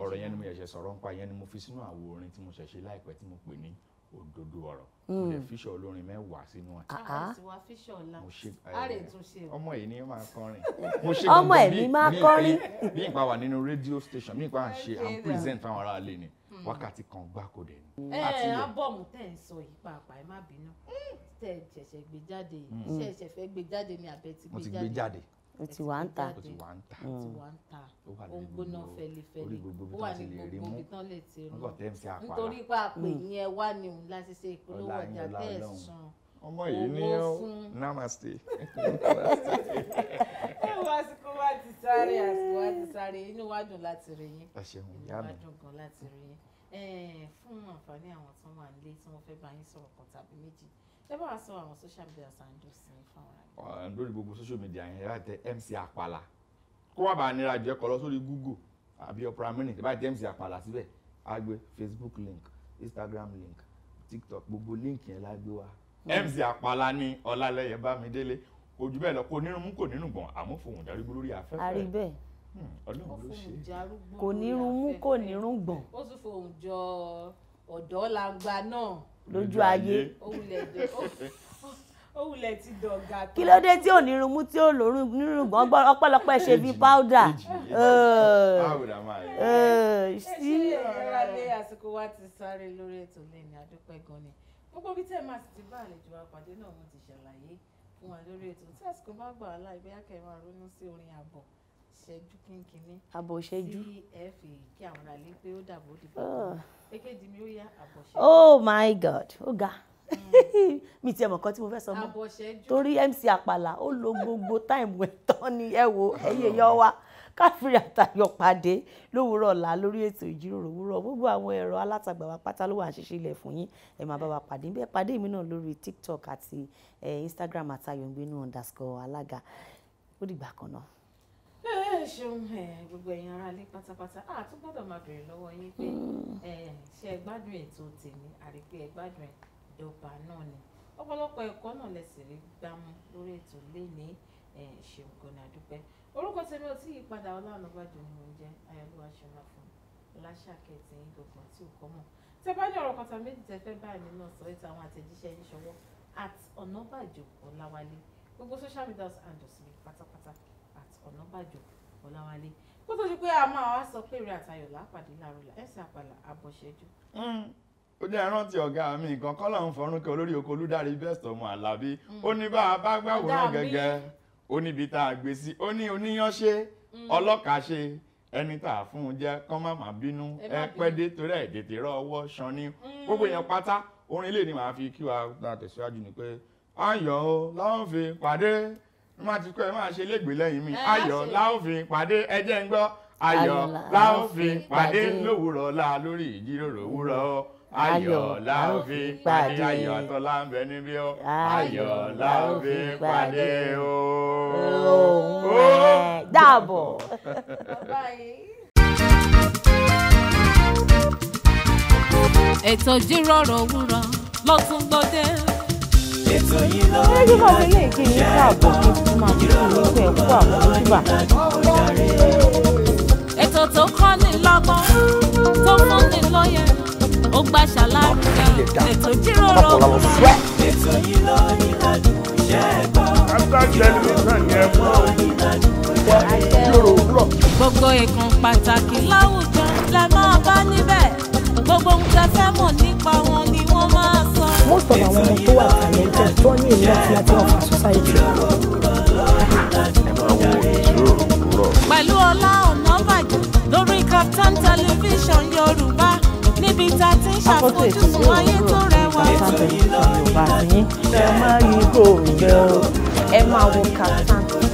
ọ̀rọ̀ yẹn ni mo yẹ̀ṣẹ̀ sọ̀rọ̀ nípa yẹn ni mo fi sínú àwo tí mo ṣẹ̀ṣẹ̀ láìpẹ́ tí mo pè ní òdodo ọ̀rọ̀ hmm. mo lè fíṣọ̀ olórin mẹ́wàá sínú ẹ̀. Ah, ah. Eh, ọmọ yìí ni máa kọrin. ọmọ ẹ̀ ni máa kọrin. ní ìpa wà nínú rédíò station ní ìpa à ń ṣe à ń present fáwọn ará ilé ni hmm. wákàtí kan gbáko dẹ̀ ni. ẹ ẹ abọ́mù tẹ̀ ń sọ yìí pàápàá ẹ má bínú hmm. tẹ̀ ṣẹ̀ṣẹ̀ gbé jáde yìí ṣẹ̀ṣẹ̀ fẹ́ gbé jáde ni àbẹ̀ ti gbé jáde. mo ti gbé jáde ó ti wà ń ta ó ti wà ń ta mm. ó ti wà ń ta ó gbóná fẹlifẹli ó wà ní gbogbo ibi tán lè ti rún nítorí pé àpè mm. yẹn wà ní òun láti ṣe ìpolówó ọjà tẹ̀sán ọmọ yìí ní ó namaste. ẹ wá àsìkò wá ti sáré àsìkò wá ti sáré inú wa dùn láti rí yín inú wa dùn gan láti rí yín fún àǹfààní àwọn tó wà nílé tí wọ́n fẹ́ bá yín sọ̀rọ̀ kan tàbí méjì ṣé bá àwọn social media sàǹdó sí i fún ara rẹ. lórí gbogbo social media yẹn yàrá tẹ MC Apala kó wà bá a nira jẹ kọ lọ sórí Google àbí Opera Mini tẹ bá tẹ MC Apala síbẹ̀ á Facebook link Instagram link TikTok gbogbo link yẹn la gbé wa. Hmm. MC Apala ní Ọlálẹyẹ Bámidélé ojú bẹ́ẹ̀ lọ kó nínú mú kò nínú gbọ̀n àmọ́ fòun járígbó lórí afẹ́fẹ́. a rí bẹ́ẹ̀ hmm, ọlọ́run ló ṣe kò nírun mú kò nírun gbọ̀n. ó tún fòun jọ ọ̀dọ́ la gba náà. lójú ayé. ó wulẹ̀ ti dọ̀gà tó. kí ló dé tí ò ní irunmú tí ò lórun nírun gbọ́ngbọ́n ọ̀pọ̀lọpọ̀ ṣe bíi páúdà. sí ìrora lé àsìkò wa ti sáré lórí ètò lẹ́ni adúpẹ́ gan ni gbogbo bí tẹ́ẹ̀ sì ti bá àlejò wa náà mo ti ṣàlàyé fún wa lórí ètò tí àsìkò bá gbà á láì bí akẹ́rọ àrónú sí orin àbọ̀ ìṣẹ́jú kínkínní. àbò ìṣẹ́jú. tí ẹ fi kí àwọn alẹ́ pé ó dàbò di bàbá ah. èkejì mi ó yá àbò ìṣẹ́jú. oh my god ó ga hmm. mi ti ẹ mọ̀ kan tí mo fẹ́ sọ mọ́ torí MC Àpàlà ó lo gbogbo táìmù ẹ̀ tán ni ẹ wo ah. ẹ̀yẹ yọ wa káfíìrì àtàyọ̀ pàdé lówùúrọ̀ ọ̀la lórí ètò ìjíròrò òwúrọ̀ gbogbo àwọn ẹ̀rọ alátagbà wa pátá ló wà ń ṣiṣẹ́ ilẹ̀ fún yín ẹ máa bá wa pàdé bí pàdé mi náà lórí TikTok àti eh, Instagram àtayọ̀ngbínú underscore alága ó dìgbà kan náà ẹ eh, ṣeun eh, gbogbo ẹ̀yin aráalé pátápátá a tún gbọ́dọ̀ máa béèrè lọ́wọ́ yín pé hmm. eh, ṣé ẹ gbádùn ètò tèmi àrí pé ẹ gbádùn ẹ ìjọba náà ni ọ̀pọ̀lọpọ̀ ẹ̀kọ́ náà lẹsẹ rí gbámú lórí ètò lẹni ṣeun gan-an àdúpẹ́ orúkọ tèmi ò tí ì padà Ọláọ̀nàbàjọ́ ni mo ń jẹ́ ayọ̀lúwa ṣọlá fún ọláṣàkẹ́ tí ń gbọ̀ngàn tí ò kọ́ mọ̀ tẹ bá ní ọ̀rọ̀ kọta méjì tẹ fẹ́ báyìí nínú ọ̀sán ètò àwọn àtẹ̀jíṣẹ́ yín ṣọwọ́ at Ọ̀nàbàjọ́ Ọláwálé gbogbo social media handles mi pátápátá ọ̀nàbàjọ́ ọ̀làwálé kó tó di pé a máa wá sọ pé eré àtayọ̀ lápàdé láròlà ẹ̀sìn àpàlà àbọ̀ṣẹ́jú. ó hmm. ní ẹrántí ọ̀gá mi nǹkan kọ́ lòun fọ́nrún kí olórí oko olúdarí best ọmọ alábí hmm. ó ní bá a bá gbàwòrán gẹ́gẹ́ ó níbi tá a gbé sí ó ní oníyanṣe hmm. ọlọ́kàṣe ẹni tá a fún un jẹ kán má má bínú ẹ pẹ́ dé torí ẹ̀ tètè rọ ọwọ́ ṣan ni gbogbo èèyàn pátá orin ilé ni màá fi kí wa tẹ̀síwájú ni pé ayọ̀ o láwọn fi pàdé má ti kọ́ ẹ máa ṣe léègbé lẹ́yìn mi ayọ̀ láòfin pàdé ẹjẹ́ ń gbọ́ ayọ̀ láòfin pàdé lówùrọ̀ ọ̀la lórí ìjíròrò òwúrọ̀ o ayọ̀ láòfin pàdé ayọ̀ àtọ́lá ń bẹ níbí o ayọ̀ láòfin pàdé o. dàbọ̀. ètò ìjíròrò òwúrọ̀ ló tún ètò yìí lọ rí rẹ̀ ìyá ẹ̀kọ́ ìrọ̀rùn ọ̀gbọ̀n ètò tó kọ́ ni lọ́gbọ́n tó fún ni lóye ó gbà ṣàlàyé ètò jíròrò ọ̀gbọ̀n ètò yìí lọ rí rẹ̀ ìyá ẹ̀kọ́ gbogbo ìkan pàtàkì láwùjọ la máa bá níbẹ̀ gbogbo ohun tẹ́ mọ̀ nípa wọn ni wọ́n máa most of àwọn ọmọ tó wà talented tó ní ìlú àti àti ọ̀fà society. pẹ̀lú Ọlá Ọ̀nàbàjọ lórí Kaftan television Yorùbá níbi tá a ti ń ṣàfojúsùn ayé tó rẹwà. ẹ ẹ máa wo Kaftan.